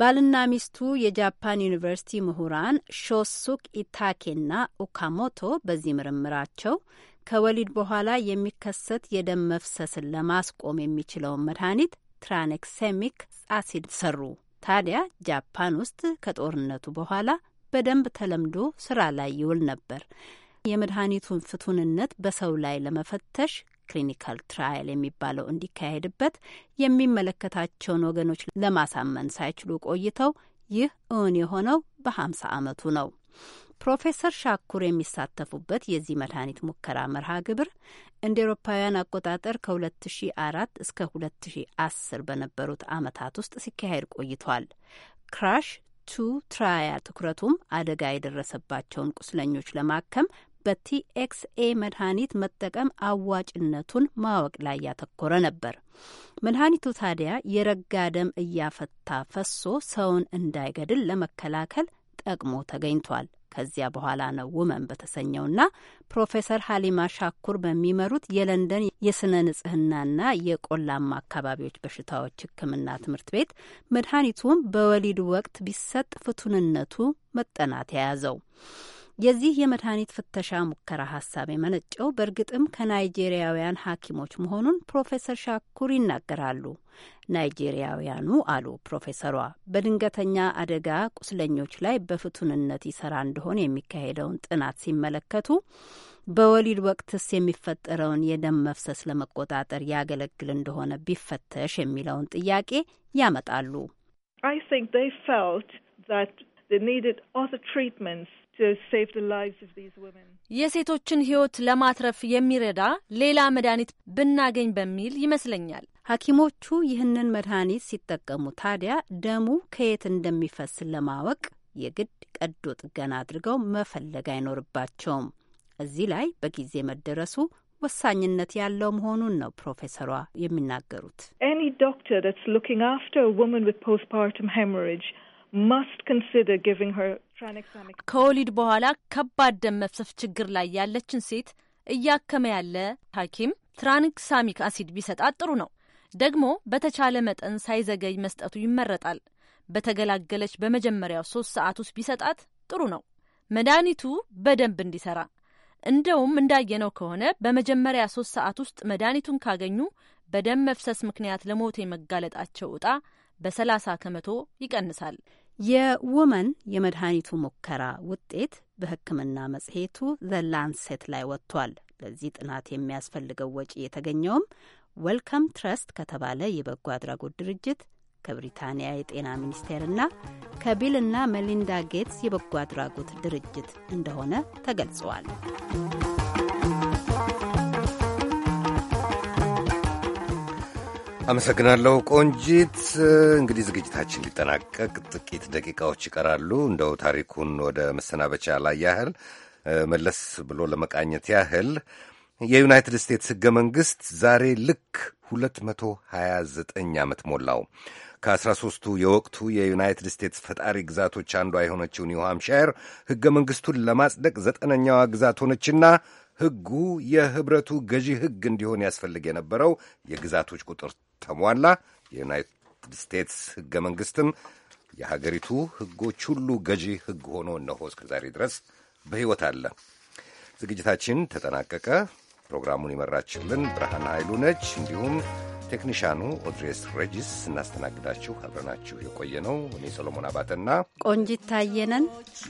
ባልና ሚስቱ የጃፓን ዩኒቨርሲቲ ምሁራን ሾሱክ ኢታኬና ኦካሞቶ በዚህ ምርምራቸው ከወሊድ በኋላ የሚከሰት የደም መፍሰስን ለማስቆም የሚችለውን መድኃኒት ትራኔክሴሚክ አሲድ ሰሩ። ታዲያ ጃፓን ውስጥ ከጦርነቱ በኋላ በደንብ ተለምዶ ስራ ላይ ይውል ነበር። የመድኃኒቱን ፍቱንነት በሰው ላይ ለመፈተሽ ክሊኒካል ትራያል የሚባለው እንዲካሄድበት የሚመለከታቸውን ወገኖች ለማሳመን ሳይችሉ ቆይተው ይህ እውን የሆነው በሀምሳ ዓመቱ ነው። ፕሮፌሰር ሻኩር የሚሳተፉበት የዚህ መድኃኒት ሙከራ መርሃ ግብር እንደ ኤሮፓውያን አቆጣጠር ከ2004 እስከ 2010 በነበሩት ዓመታት ውስጥ ሲካሄድ ቆይቷል። ክራሽ ቱ ትራያል ትኩረቱም አደጋ የደረሰባቸውን ቁስለኞች ለማከም በቲኤክስኤ መድኃኒት መጠቀም አዋጭነቱን ማወቅ ላይ ያተኮረ ነበር። መድኃኒቱ ታዲያ የረጋ ደም እያፈታ ፈሶ ሰውን እንዳይገድል ለመከላከል ጠቅሞ ተገኝቷል። ከዚያ በኋላ ነው ውመን በተሰኘውና ፕሮፌሰር ሀሊማ ሻኩር በሚመሩት የለንደን የስነ ንጽህናና የቆላማ አካባቢዎች በሽታዎች ሕክምና ትምህርት ቤት መድኃኒቱም በወሊድ ወቅት ቢሰጥ ፍቱንነቱ መጠናት የያዘው የዚህ የመድኃኒት ፍተሻ ሙከራ ሀሳብ የመነጨው በእርግጥም ከናይጄሪያውያን ሐኪሞች መሆኑን ፕሮፌሰር ሻኩር ይናገራሉ። ናይጄሪያውያኑ አሉ ፕሮፌሰሯ፣ በድንገተኛ አደጋ ቁስለኞች ላይ በፍቱንነት ይሰራ እንደሆነ የሚካሄደውን ጥናት ሲመለከቱ በወሊድ ወቅትስ የሚፈጠረውን የደም መፍሰስ ለመቆጣጠር ያገለግል እንደሆነ ቢፈተሽ የሚለውን ጥያቄ ያመጣሉ። I think they felt that they needed other treatments Uh, የሴቶችን ሕይወት ለማትረፍ የሚረዳ ሌላ መድኃኒት ብናገኝ በሚል ይመስለኛል። ሐኪሞቹ ይህንን መድኃኒት ሲጠቀሙ ታዲያ ደሙ ከየት እንደሚፈስ ለማወቅ የግድ ቀዶ ጥገና አድርገው መፈለግ አይኖርባቸውም። እዚህ ላይ በጊዜ መደረሱ ወሳኝነት ያለው መሆኑን ነው ፕሮፌሰሯ የሚናገሩት። ኤኒ ዶክተር ስ ሉኪንግ አፍተር ወመን ማስት ኮንሲደር ጊቪንግ ከወሊድ በኋላ ከባድ ደም መፍሰስ ችግር ላይ ያለችን ሴት እያከመ ያለ ሐኪም ትራንክሳሚክ አሲድ ቢሰጣት ጥሩ ነው። ደግሞ በተቻለ መጠን ሳይዘገይ መስጠቱ ይመረጣል። በተገላገለች በመጀመሪያው ሶስት ሰዓት ውስጥ ቢሰጣት ጥሩ ነው፣ መድኃኒቱ በደንብ እንዲሰራ። እንደውም እንዳየነው ከሆነ በመጀመሪያ ሶስት ሰዓት ውስጥ መድኃኒቱን ካገኙ በደም መፍሰስ ምክንያት ለሞት የመጋለጣቸው እጣ በሰላሳ ከመቶ ይቀንሳል። የውመን የመድኃኒቱ ሙከራ ውጤት በሕክምና መጽሔቱ ዘ ላንሴት ላይ ወጥቷል። ለዚህ ጥናት የሚያስፈልገው ወጪ የተገኘውም ዌልካም ትረስት ከተባለ የበጎ አድራጎት ድርጅት ከብሪታንያ የጤና ሚኒስቴርና ከቢልና መሊንዳ ጌትስ የበጎ አድራጎት ድርጅት እንደሆነ ተገልጸዋል። አመሰግናለሁ ቆንጂት። እንግዲህ ዝግጅታችን ሊጠናቀቅ ጥቂት ደቂቃዎች ይቀራሉ። እንደው ታሪኩን ወደ መሰናበቻ ላይ ያህል መለስ ብሎ ለመቃኘት ያህል የዩናይትድ ስቴትስ ሕገ መንግሥት ዛሬ ልክ 229 ዓመት ሞላው። ከአስራ ሦስቱ የወቅቱ የዩናይትድ ስቴትስ ፈጣሪ ግዛቶች አንዷ የሆነችው ኒው ሃምፕሻየር ሕገ መንግሥቱን ለማጽደቅ ዘጠነኛዋ ግዛት ሆነችና ሕጉ የህብረቱ ገዢ ሕግ እንዲሆን ያስፈልግ የነበረው የግዛቶች ቁጥር ተሟላ። የዩናይትድ ስቴትስ ህገ መንግስትም የሀገሪቱ ህጎች ሁሉ ገዢ ህግ ሆኖ እነሆ እስከ ዛሬ ድረስ በሕይወት አለ። ዝግጅታችን ተጠናቀቀ። ፕሮግራሙን የመራችልን ብርሃን ኃይሉ ነች። እንዲሁም ቴክኒሻኑ ኦድሬስ ሬጂስ እናስተናግዳችሁ አብረናችሁ የቆየ ነው። እኔ ሰሎሞን አባተና ቆንጂት ታየነን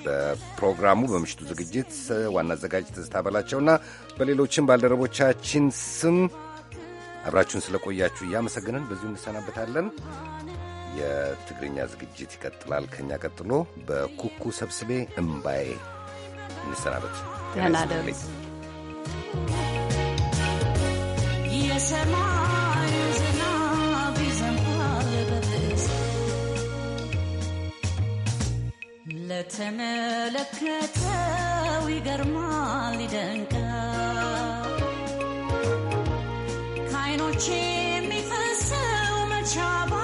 በፕሮግራሙ በምሽቱ ዝግጅት ዋና አዘጋጅ ትዝታ በላቸውና በሌሎችም ባልደረቦቻችን ስም አብራችሁን ስለቆያችሁ እያመሰግንን በዚሁ እንሰናበታለን። የትግርኛ ዝግጅት ይቀጥላል። ከኛ ቀጥሎ በኩኩ ሰብስቤ እምባዬ እንሰናበት። የሰማዩ ለተመለከተው ይገርማል ይደንቃል Luce mi fa sau ma trouble.